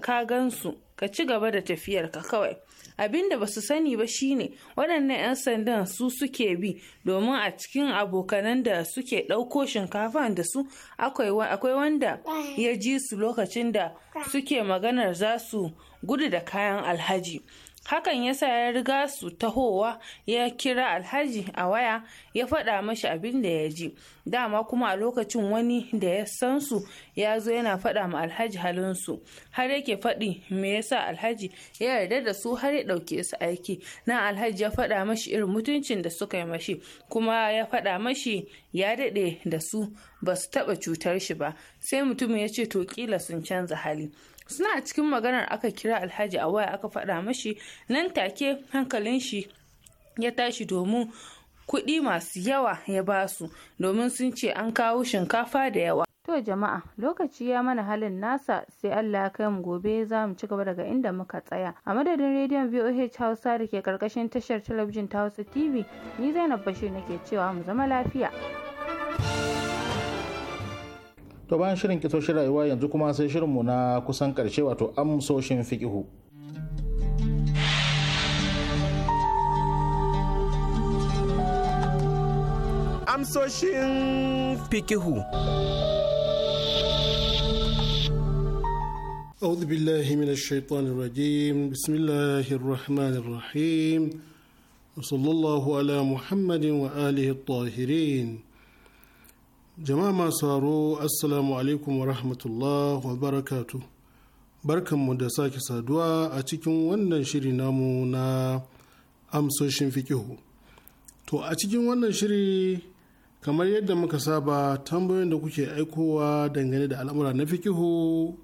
ka gansu ka ci gaba da tafiyarka kawai abin da su sani ba shine waɗannan 'yan sandan su suke bi domin a cikin abokanan da suke ɗauko shinkafa da su akwai wanda ya ji su lokacin da suke maganar za su gudu da kayan alhaji hakan ya sa ya riga su tahowa ya kira alhaji a waya ya faɗa mashi abin da ya ji dama kuma a lokacin wani da ya san su ya zo yana faɗa ma alhaji halinsu har yake faɗi me ya sa alhaji ya yarda da su har ya ɗauke su aiki na alhaji ya faɗa mashi irin mutuncin da suka yi mashi kuma ya faɗa mashi ya daɗe da su ba su taɓa cutar shi ba sai mutum ya ce to kila sun canza hali suna cikin maganar aka kira alhaji a waya aka faɗa mashi nan take hankalin shi ya tashi domin kuɗi masu yawa ya basu domin sun ce an kawo shinkafa da yawa To jama'a lokaci ya mana halin nasa sai Allah ya kai mu gobe za mu ci gaba daga inda muka tsaya. A madadin rediyon VOH Hausa da ke karkashin tashar talabijin ta Hausa TV ni Zainab Bashir nake cewa mu zama lafiya. to bayan shirin kitoshin rayuwa yanzu kuma sai mu na kusan karshe wato amsoshin fikihu amsoshin fikihu أعوذ بالله من الشيطان الرجيم بسم الله الرحمن الرحيم وصلى الله على محمد وآله الطاهرين jama'a masu haro assalamu alaikum wa rahmatullah wa barakatu barkanmu da sake saduwa a cikin wannan shiri namu na amsoshin fikihu to a cikin wannan shiri kamar yadda muka saba tambayoyin da kuke aikowa dangane da al'amura na fikihu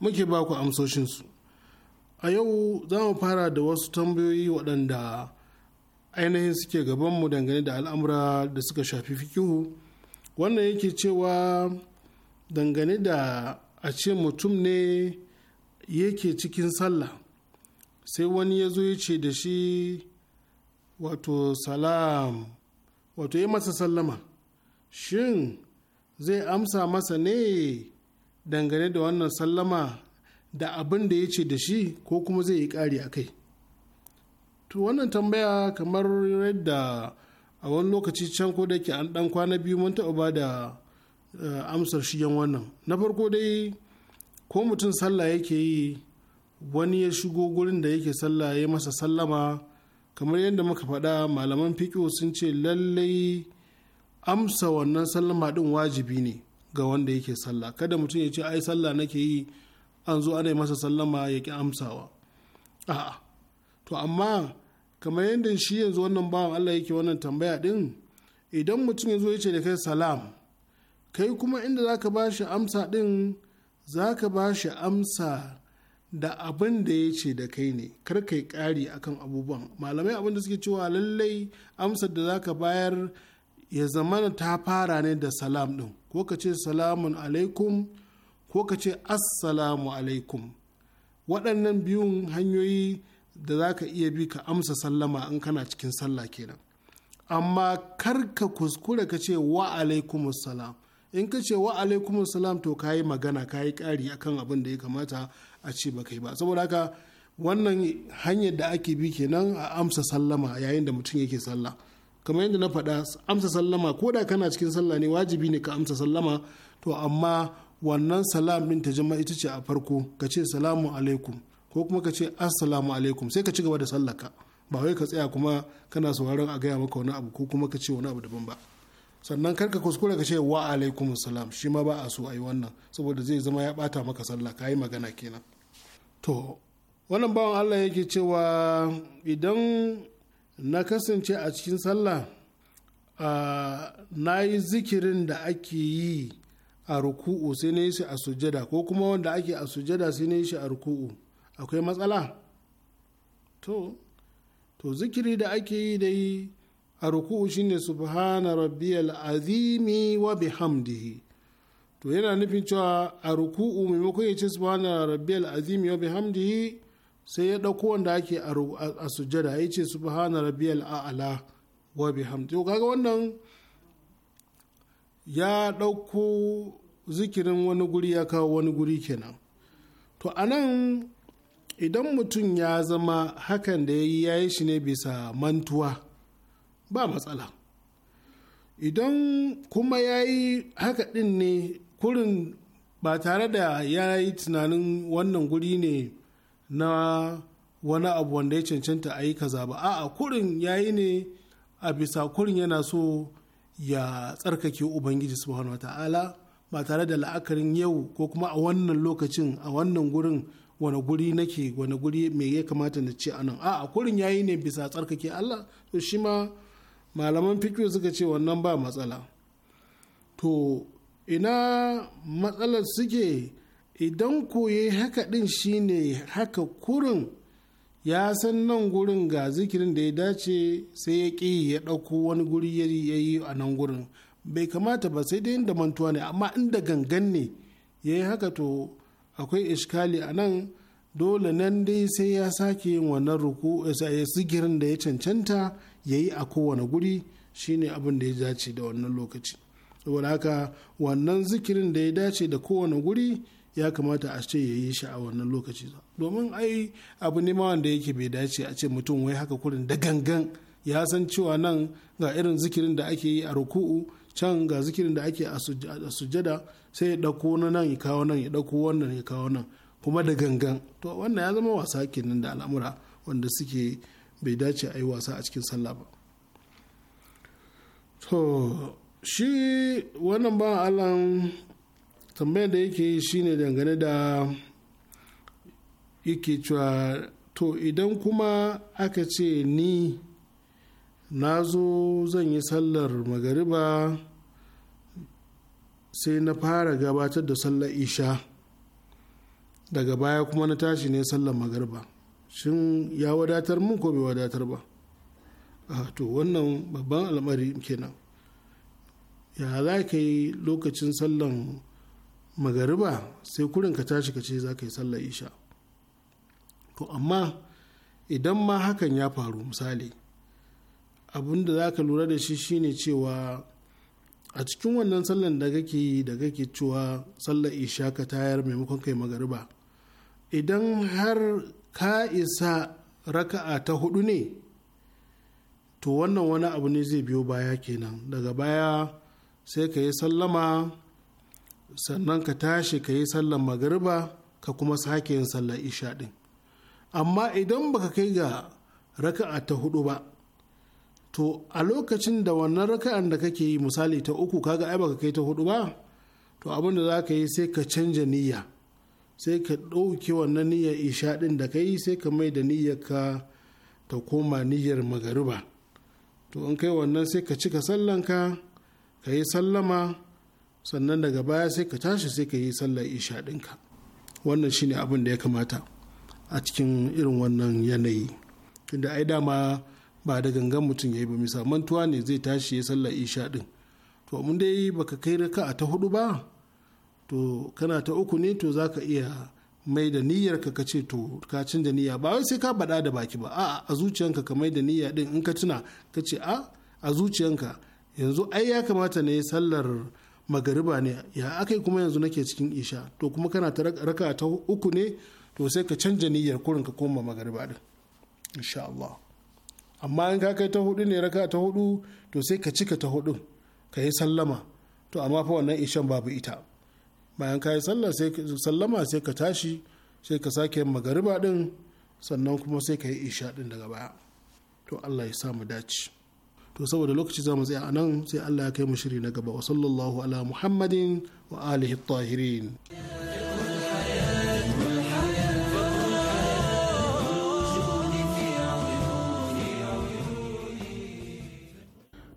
muke ba ku amsoshinsu a yau za mu fara da wasu tambayoyi waɗanda ainihin suke gabanmu dangane da al'amura da suka shafi fikihu wannan yake cewa dangane da a ce mutum ne yake cikin sallah sai wani ya zo ya ce da shi wato salam wato ya masa sallama shin zai amsa masa ne dangane da wannan sallama da abin da ya ce da shi ko kuma zai yi ƙari a kai to wannan tambaya kamar yadda a wani lokaci can ko da yake an dan kwana biyu mun taɓa ba da eh, amsar shigen wannan na farko dai ko mutum sallah yake yi wani ya shigo gurin da yake sallah ya masa sallama kamar yadda muka faɗa malaman fiƙo sun ce lallai amsa wannan sallama ɗin wajibi ne ga wanda yake sallah kada mutum ya ce ai sallah nake yi an zo ana masa sallama ya ki amsawa a'a to amma kamar yadda shi yanzu wannan bawan Allah yake wannan tambaya din idan mutum ya zo ya ce da kai salam kai kuma inda za ka ba shi amsa din za ka ba shi amsa da abin da ya ce da kai ne kar kai ƙari akan abubuwan malamai abin da suke cewa lallai amsar da za ka bayar ya zamana ta fara ne da salam din ko ka ce salamun alaikum ko ka ce assalamu alaikum waɗannan biyun hanyoyi da za ka iya bi ka amsa sallama in kana cikin sallah kenan amma kar ka kuskure ka ce wa salam.' in ka ce wa salam,' to ka yi magana ka yi ƙari akan abin da ya kamata a ce ba kai ba saboda haka wannan hanyar da ake bi kenan a amsa sallama yayin da mutum yake sallah kamar yadda na faɗa amsa sallama ko da kana cikin sallah ne wajibi ne ka amsa sallama to amma wannan salam ɗin ta jama ita ce a farko ka ce salamu alaikum ko kuma ka ce assalamu alaikum sai ka ci gaba da sallaka ba wai ka tsaya kuma kana sauraron a gaya maka wani abu ko kuma ka ce wani abu daban ba sannan kar ka kuskure ka ce wa alaikum salam shi ma ba a so ayi wannan saboda zai zama ya bata maka sallah ka yi magana kenan to wannan bawan Allah yake cewa idan na kasance a cikin sallah na yi zikirin da ake yi a ruku'u sai na yi shi a sujada ko kuma wanda ake a sujada sai na yi shi a ruku'u akwai matsala to to zikiri da ake yi da yi a ruku'u shine subhana rabbiyal azimi wa bihamdihi to yana nufin cewa a ruku'u maimakon ya ce subhana rabbiyal azimi wa bihamdihi sai ya dauko wanda ake a sujjada ya ce subhana rabbiyal a'la wa bihamdihi to kaga wannan ya ɗauko zikirin wani guri ya kawo wani guri kenan to anan idan mutum ya zama hakan da ya yi ya yi shi ne bisa mantuwa ba matsala idan kuma ya yi haka ɗin ne kurin ba tare da ya yi tunanin wannan guri ne na wani abu wanda ya cancanta a yi kaza ba a'a kurin ya yi ne a bisa kurin yana so ya tsarkake ubangiji subhanahu wata'ala ba tare da la'akarin yau ko kuma a wannan lokacin a wannan gurin wani guri nake wani guri me ya kamata na ce anan a kurin yayi ne bisa tsarkake Allah to shi ma malaman fikiyo suka ce wannan ba matsala to ina matsalar suke idan koye haka din shine haka kurin ya san nan gurin ga zikirin da ya dace sai ya ƙi ya ɗauko wani guri ya yi a nan gurin bai kamata ba sai dai inda mantuwa ne amma inda gangan ne ya yi haka to akwai iskali a nan dole nan dai sai ya sake yin wannan ruku zikirin da ya cancanta ya yi a kowane guri shine abin da ya dace da wannan lokaci saboda haka wannan zikirin da ya dace da kowane guri ya kamata a ce ya yi shi a wannan lokaci domin ai abu ne ma wanda yake bai dace a ce mutum wai haka kurin da gangan ya san cewa nan ga irin zikirin da ake yi a ruku'u can ga zikirin da ake a sujada sai ya ɗauko na nan ya kawo nan ya ɗauko wannan ya kawo nan kuma da gangan to wannan ya zama wasa kenan da al'amura wanda suke bai dace a yi wasa a cikin sallah ba to shi wannan ba alan tambayar da yake yi shine dangane da yake cewa to idan kuma aka ce ni na zo zan yi sallar magariba sai na fara gabatar da sallar isha daga baya kuma na tashi ne sallar magarba shin ya wadatar mun ko bai wadatar ba to wannan babban al'amari kenan ya za ka yi lokacin Sallar magariba sai kurin ka tashi ka ce za ka yi sallar isha to amma idan ma hakan ya faru misali abinda da za ka lura da shi shine cewa a cikin wannan sallan da kake yi da kake cewa sallar isha ka tayar maimakon kai magariba idan har ka isa raka'a ta hudu ne to wannan wani abu ne zai biyo baya kenan daga baya sai ka yi sallama sannan ka tashi ka yi sallar magariba ka kuma sake yin sallar isha din amma idan baka kai ga raka'a ta hudu ba to a lokacin da wannan raka'an da kake yi misali ta uku kaga ai baka kai ta hudu ba to abin da za ka yi sai ka canja niyya sai ka ɗauke wannan niyyar isha ɗin da ka yi sai ka mai da niyyar ka ta koma niyyar magariba to in kai wannan sai ka cika sallanka ka yi sallama sannan daga baya sai ka tashi sai ka yi sallar isha ɗinka wannan shine abin da ya kamata a cikin irin wannan yanayi tunda ai dama ba da gangan mutum ya yi ba misa mantuwa ne zai tashi ya sallar isha din to mun dai baka kai raka a ta hudu ba to kana ta uku ne to zaka iya mai da niyyar ka ka ce to ka cin da niyya ba wai sai ka bada da baki ba a'a a zuciyanka ka mai da niyya din in ka tuna ka ce a a zuciyanka yanzu ai ya kamata ne sallar magariba ne ya akai kuma yanzu nake cikin isha to kuma kana ta raka ta uku ne to sai ka canja niyyar kurin ka koma magariba din insha Allah amma in ka kai ta hudu ne raka ta hudu to sai ka cika ta huɗu ka yi sallama to amma fa wannan ishan babu ita bayan ka yi sallama sai ka tashi sai ka sake magariba din sannan kuma sai ka yi isha din daga baya to Allah ya samu dace to saboda lokaci za mu tsaya a nan sai Allah ya kai mu shiri na gaba wa sallallahu ala muhammadin wa alihi tahirin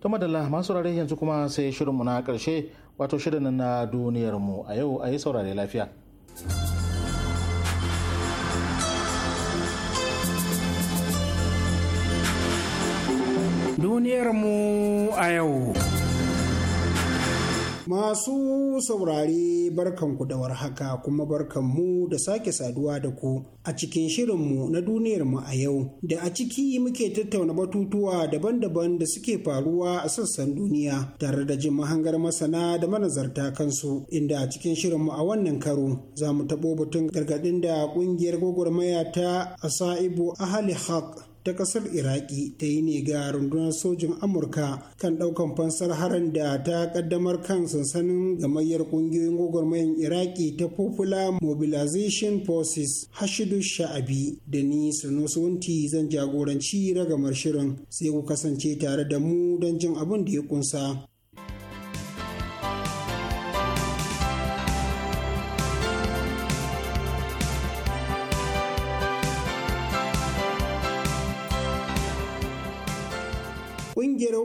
to madalla masu rare yanzu kuma sai shirinmu na karshe wato shirin na duniyarmu a yau a yi saurare lafiya duniyarmu a yau Masu saurare barkanku da warhaka kuma barkanmu da sake saduwa da ku a cikin shirinmu na duniyarmu a yau da a ciki muke tattauna batutuwa daban-daban da suke faruwa a sassan duniya tare da jin mahangar masana da manazarta kansu inda a cikin shirinmu a wannan karo za mu taɓo batun gargaɗin da ƙungiyar gwagwarmaya ta Asaibu Ahali Haq ta kasar iraki ta yi ne ga rundunar sojin amurka kan daukan fansar harin da ta kaddamar kan sansanin gamayyar kungiyoyin gwagwarmayan iraki ta popular mobilization forces hashidu sha'abi da ni sunusunti zan jagoranci ragamar shirin sai ku kasance tare da mu don jin abin da ya kunsa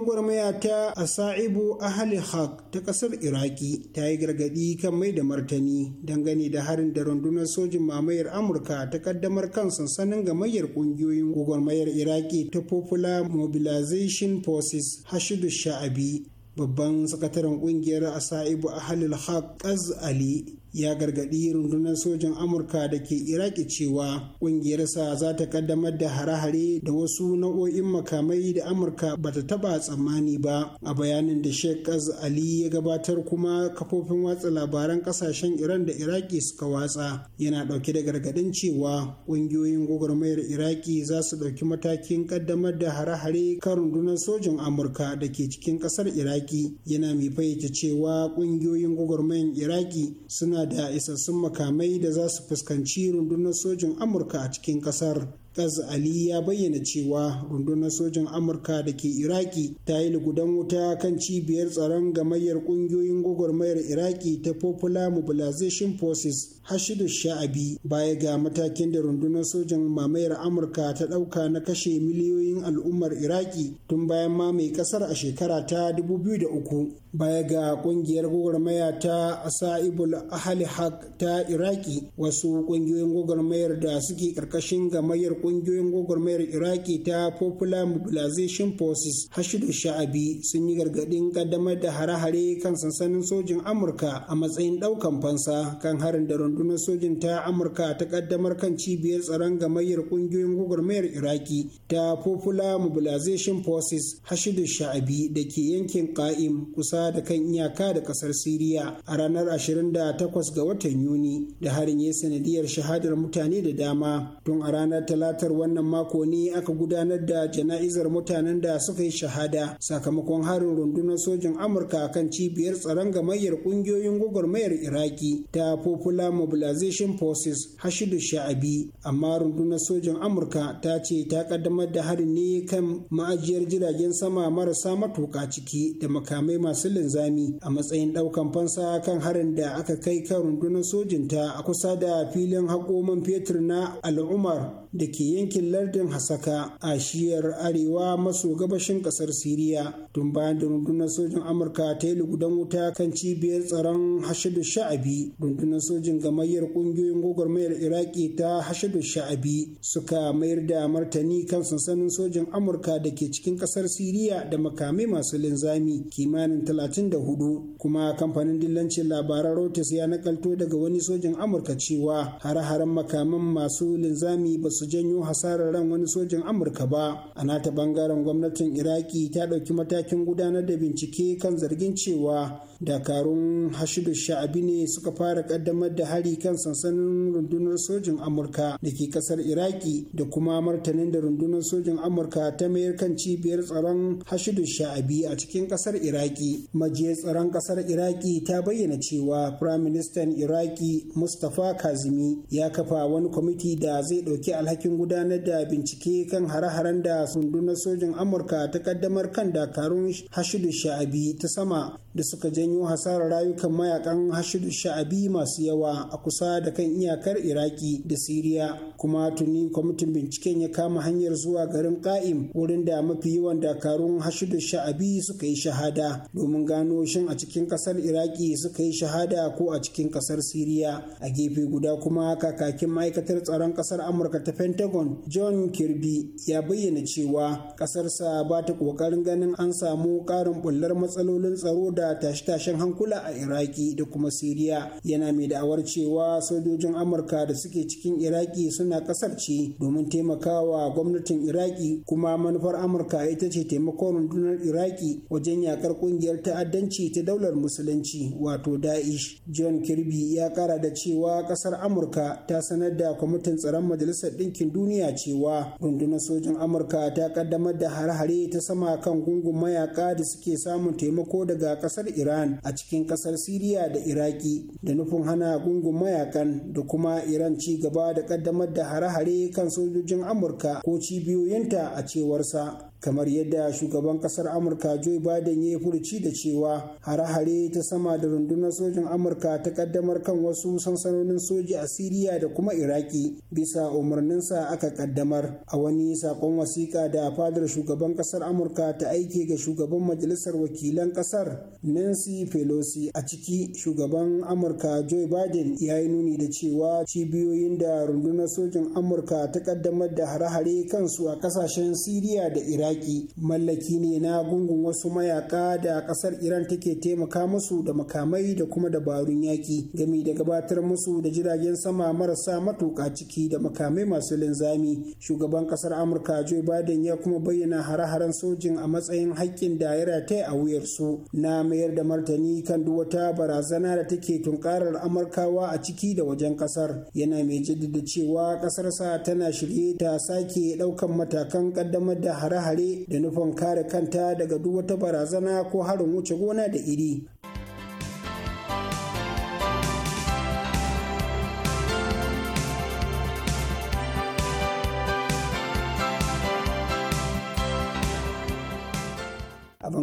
ƙungiyar ta asa'ibu ahli haq ta ƙasar iraki ta yi gargaɗi kan mai da martani dangane da harin da rundunar sojin mamayar amurka ta ƙaddamar kan sansanin gamayyar ƙungiyoyin gwagwarmayar iraki ta popular mobilization forces hashidu sha'abi babban sakataren kungiyar asa'ibu ahalil haq ali ya gargaɗi rundunar sojan amurka da ke iraki cewa ƙungiyarsa za ta kaddamar da hare-hare da wasu nau'o'in makamai da amurka ba ta taba tsammani ba a bayanin da sheikh ali ya gabatar kuma kafofin watsa labaran ƙasashen iran da iraki suka watsa yana ɗauke da gargaɗin cewa ƙungiyoyin gwagwarmayar iraki za su ɗauki matakin kaddamar da hare-hare kan rundunar sojin amurka da ke cikin ƙasar iraki yana mai fayyace cewa ƙungiyoyin gwagwarmayar iraki suna suna da isassun makamai da za su fuskanci rundunar sojin amurka a cikin kasar taz ali ya bayyana cewa rundunar sojan amurka da ke iraki ta yi lugudan wuta kan cibiyar tsaron gamayyar kungiyoyin gwagwarmayar iraki ta popular mobilization forces hashidu sha'abi baya ga matakin da rundunar sojan mamayar amurka ta ɗauka na kashe miliyoyin al'ummar iraki tun bayan mamaye ƙasar a shekara ta 2003 baya ga ƙungiyar gwagwarmaya ta asa'ibul ahali haq ta iraki wasu ƙungiyoyin gwagwarmayar da suke ƙarƙashin gamayyar ƙungiyoyin gwagwarmayar iraki ta popular mobilization forces hashidu sha'abi sun yi gargadin kaddamar da hare-hare kan sansanin sojin amurka a matsayin ɗaukan fansa kan harin da rundunar sojin ta amurka ta kaddamar kan cibiyar tsaron gamayyar ƙungiyoyin gwagwarmayar iraki ta popular mobilization forces hashidu sha'abi da ke yankin ka'im kusa da kan iyaka da kasar siriya a ranar 28 ga watan yuni da harin ya sanadiyar shahadar mutane da dama tun a ranar talata gabatar wannan mako ne aka gudanar da jana'izar mutanen da suka yi shahada sakamakon harin rundunar sojin amurka kan cibiyar tsaron gamayyar kungiyoyin gwagwarmayar iraki ta popular mobilization forces hashidu sha'abi amma rundunar sojin amurka ta ce ta kaddamar da harin ne kan ma'ajiyar jiragen sama marasa matuka ciki da makamai masu linzami a matsayin daukan fansa kan harin da aka kai kan rundunar sojin ta a kusa da filin hakoman fetur na al'umar da ke yankin lardin hasaka a shiyar arewa maso gabashin kasar siriya tun bayan da rundunar sojin amurka ta yi lugudan wuta kan cibiyar tsaron hashadu sha'abi rundunar sojin gamayyar kungiyoyin gwagwarmayar iraki ta hashadu sha'abi suka mayar da martani kan sansanin sojin amurka da ke cikin kasar siriya da makamai masu linzami kimanin talatin da hudu. kuma kamfanin dillancin labaran rotis ya nakalto daga wani sojin amurka cewa hare-haren makaman masu linzami ba su su janyo hasarar ran wani sojin amurka ba a nata bangaren gwamnatin iraki ta ɗauki matakin gudanar da bincike kan zargin cewa dakarun hashidu sha'abi ne suka fara ƙaddamar da hari kan sansanin rundunar sojin amurka da ke kasar iraki da kuma martanin da rundunar sojin amurka ta mayar kan cibiyar tsaron hashidu sha'abi a cikin ƙasar iraki majiyar tsaron kasar iraki ta bayyana cewa firaministan iraki mustapha kazimi ya kafa wani kwamiti da zai ɗauki alhaki alhakin gudanar da bincike kan hare-haren da rundunar sojin amurka ta kaddamar kan dakarun hashidu sha'abi ta sama da suka janyo hasarar rayukan mayakan hashidu sha'abi masu yawa a kusa da kan iyakar iraki da siriya kuma tuni kwamitin binciken ya kama hanyar zuwa garin ka'im wurin da mafi yawan dakarun hashidu sha'abi suka yi shahada domin gano shin a cikin kasar iraki suka yi shahada ko a cikin kasar siriya a gefe guda kuma kakakin ma'aikatar tsaron kasar amurka ta pentagon john kirby ya bayyana cewa ƙasarsa ba ta ƙoƙarin ganin an samu ƙarin bullar matsalolin tsaro da tashe-tashen hankula a iraki da kuma siriya yana mai da'awar cewa sojojin amurka da suke cikin iraki suna ƙasar ce domin taimakawa gwamnatin iraki kuma manufar amurka ita ce taimakon rundunar iraki wajen yakar ƙungiyar ta'addanci ta daular musulunci wato da'ish john kirby ya kara da cewa ƙasar amurka ta sanar da kwamitin tsaron majalisar ɗinkin duniya cewa rundunar sojin amurka ta kaddamar da hare-hare ta sama kan gungun mayaka da suke samun taimako daga ƙasar iran a cikin ƙasar siriya da iraki da nufin hana gungun mayakan da kuma iran ci gaba da kaddamar da hare-hare kan sojojin amurka ko cibiyoyinta a cewarsa kamar yadda shugaban kasar amurka joe biden ya yi furuci da cewa hare-hare ta sama da rundunar sojin amurka ta kaddamar kan wasu sansanonin soji a siriya da kuma iraki bisa umarninsa aka kaddamar a wani sakon wasiƙa da fadar shugaban kasar amurka ta aike ga shugaban majalisar wakilan kasar nancy pelosi a ciki shugaban amurka joe biden ya yi nuni da cewa cibiyoyin da rundunar sojin amurka ta kaddamar da hare-hare kansu a kasashen siriya da iraki yaƙi mallaki ne na gungun wasu mayaka da ƙasar iran take taimaka musu da makamai da kuma dabarun yaƙi. gami da gabatar musu da jiragen sama marasa matuƙa ciki da makamai masu linzami shugaban ƙasar amurka joe biden ya kuma bayyana hare-haren sojin a matsayin haƙƙin da ya a wuyarsu na mayar da martani kan duk wata barazana da take tunkarar amurkawa a ciki da wajen ƙasar. yana mai jaddada cewa ƙasarsa tana shirye ta sake ɗaukan matakan ƙaddamar da hare-hare da nufin kare kanta daga duk wata barazana ko harin wuce gona da iri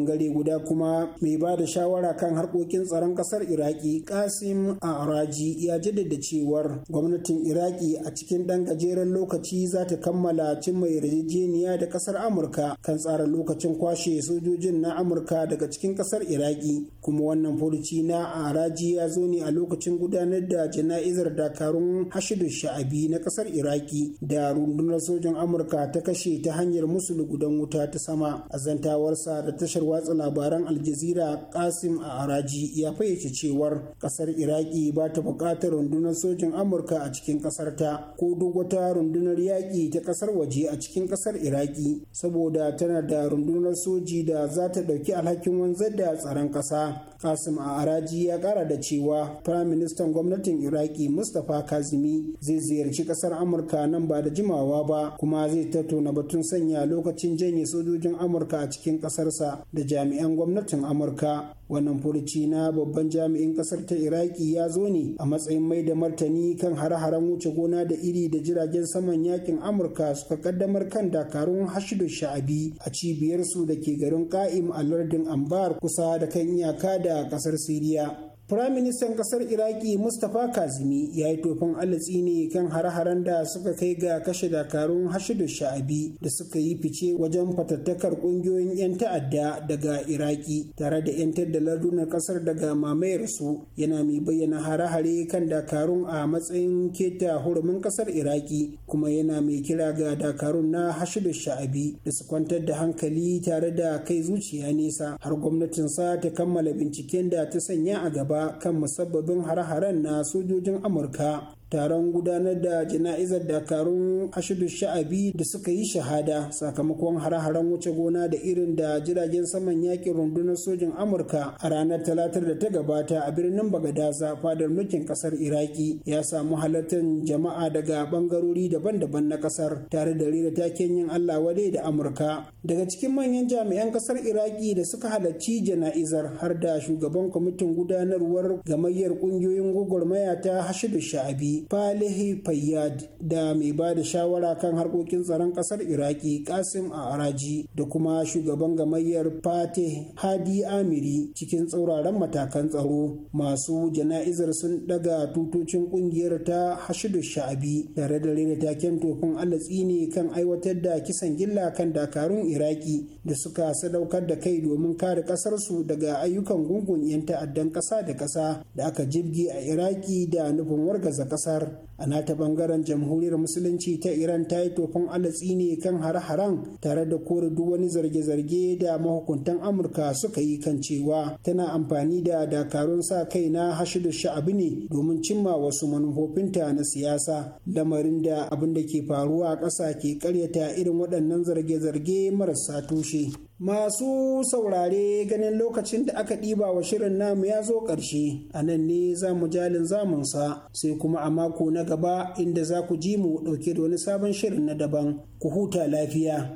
bangare guda kuma mai ba da shawara kan harkokin tsaron kasar iraki kasim araji ya jaddada cewar gwamnatin iraki a cikin ɗan gajeren lokaci za ta kammala cimma yarjejeniya da ƙasar amurka kan tsara lokacin kwashe sojojin na amurka daga cikin ƙasar iraki kuma wannan furuci na araji ya zo ne a lokacin gudanar da jana'izar dakarun hashidu sha'abi na ƙasar iraki da rundunar sojan amurka ta kashe ta hanyar musulu gudan wuta ta sama azantawarsa da tashar watsa labaran aljazira kasim a araji ya fayyace cewar kasar iraki ba ta buƙatar rundunar sojin amurka a cikin kasar ta ko duk wata rundunar yaƙi ta kasar waje a cikin kasar iraki saboda tana da rundunar soji da za ta ɗauki alhakin wanzar da tsaron ƙasa kasim a araji ya kara da cewa prime minister gwamnatin iraki mustapha kazimi zai ziyarci kasar amurka nan ba da jimawa ba kuma zai tattauna batun sanya lokacin janye sojojin amurka a cikin kasarsa da jami'an gwamnatin amurka wannan furuci na babban jami'in kasar ta iraki ya zo ne a matsayin mai da martani kan hare-haren wuce gona da iri da jiragen saman yakin amurka suka kaddamar kan dakarun hashidu sha'abi a cibiyarsu da ke garin ka'im a lardin ambar kusa da kan iyaka da kasar siriya Firaministan ƙasar Iraki Mustapha Kazimi ya yi tofin alatsi ne kan hare-haren da suka kai ga kashe dakarun hashidu sha'abi da suka yi fice wajen fatattakar ƙungiyoyin 'yan ta'adda daga Iraki tare da 'yan da lardunar ƙasar daga mamayar su yana mai bayyana hare-hare kan dakarun a matsayin keta hurumin ƙasar Iraki kuma yana mai kira ga dakarun na hashidu sha'abi da su kwantar da hankali tare da kai zuciya nesa har gwamnatinsa ta kammala binciken da ta sanya a gaba ba kan musabbabin hare-haren na sojojin amurka taron gudanar da jana'izar dakarun ashidu sha'abi da suka yi shahada sakamakon hare-haren wuce gona da irin da jiragen saman yakin rundunar sojin amurka a ranar talatar da ta gabata a birnin bagadaza fadar mulkin kasar iraki ya samu halartar jama'a daga bangarori daban-daban na kasar tare da rera taken yin allah wadai da amurka daga cikin manyan jami'an kasar iraki da suka halarci jana'izar har da shugaban kwamitin gudanarwar gamayyar ƙungiyoyin gwagwarmaya ta hashidu sha'abi falihi fayyad da mai ba da shawara kan harkokin tsaron kasar iraki kasim a araji da kuma shugaban gamayyar fatih hadi amiri cikin tsauraran matakan tsaro masu jana'izar sun daga tutocin kungiyar ta hashidu sha'abi tare da rena taken tofin Allah ne kan aiwatar da kisan gilla kan dakarun iraki da suka sadaukar da kai domin kare kasarsu daga ayyukan gungun 'yan ta'addan ƙasa da ƙasa, da aka jibge a iraki da nufin wargaza ƙasa. kasar a nata bangaren jamhuriyar musulunci ta iran ta yi tofin alatsi ne kan hare-haren tare da kore duk wani zarge-zarge da mahukuntan amurka suka yi kan cewa tana amfani da dakarun sa kai na da sha'abi ne domin cimma wasu manufofinta na siyasa lamarin da abin da ke faruwa a ƙasa ke karyata irin waɗannan zarge-zarge marasa tushe Masu saurare ganin lokacin da aka ɗiba wa shirin namu ya zo ƙarshe, a nan ne za mu jalin zamunsa sai kuma a mako na gaba inda za ku ji mu ɗauke da wani sabon shirin na daban, ku huta lafiya.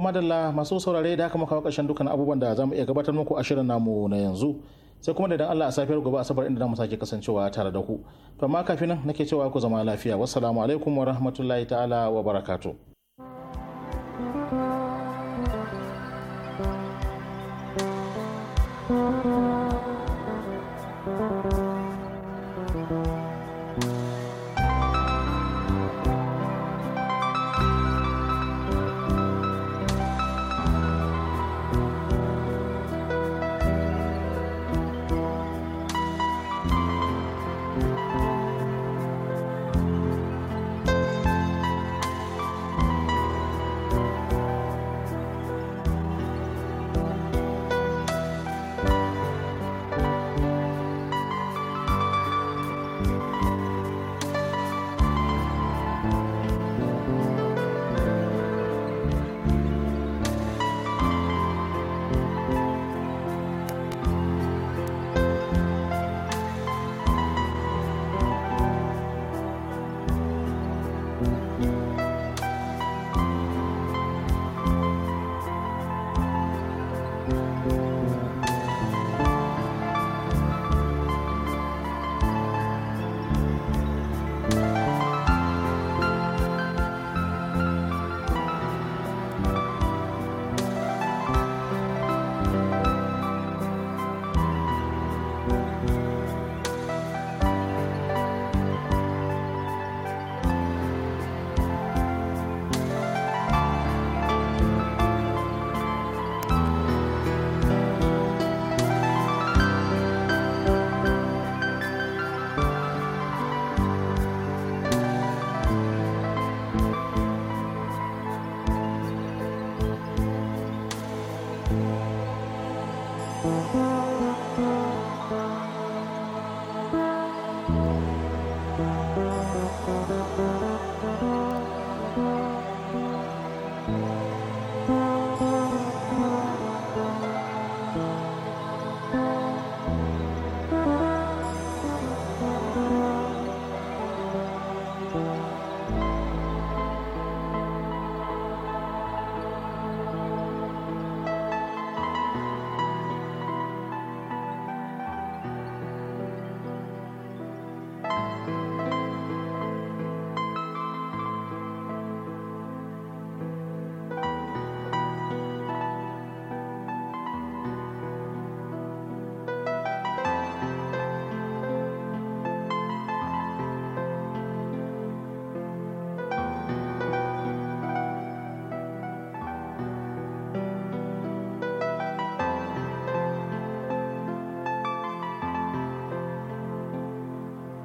madalla masu saurare da aka makawa ƙarshen dukkan abubuwan da za mu iya gabatar muku a shirin namu na yanzu sai kuma da idan Allah a safiyar gobe asabar inda mu sake kasancewa tare da ku to amma kafin nan nake cewa ku zama lafiya wassalamu alaikum wa rahmatullahi ta'ala wa barakatuh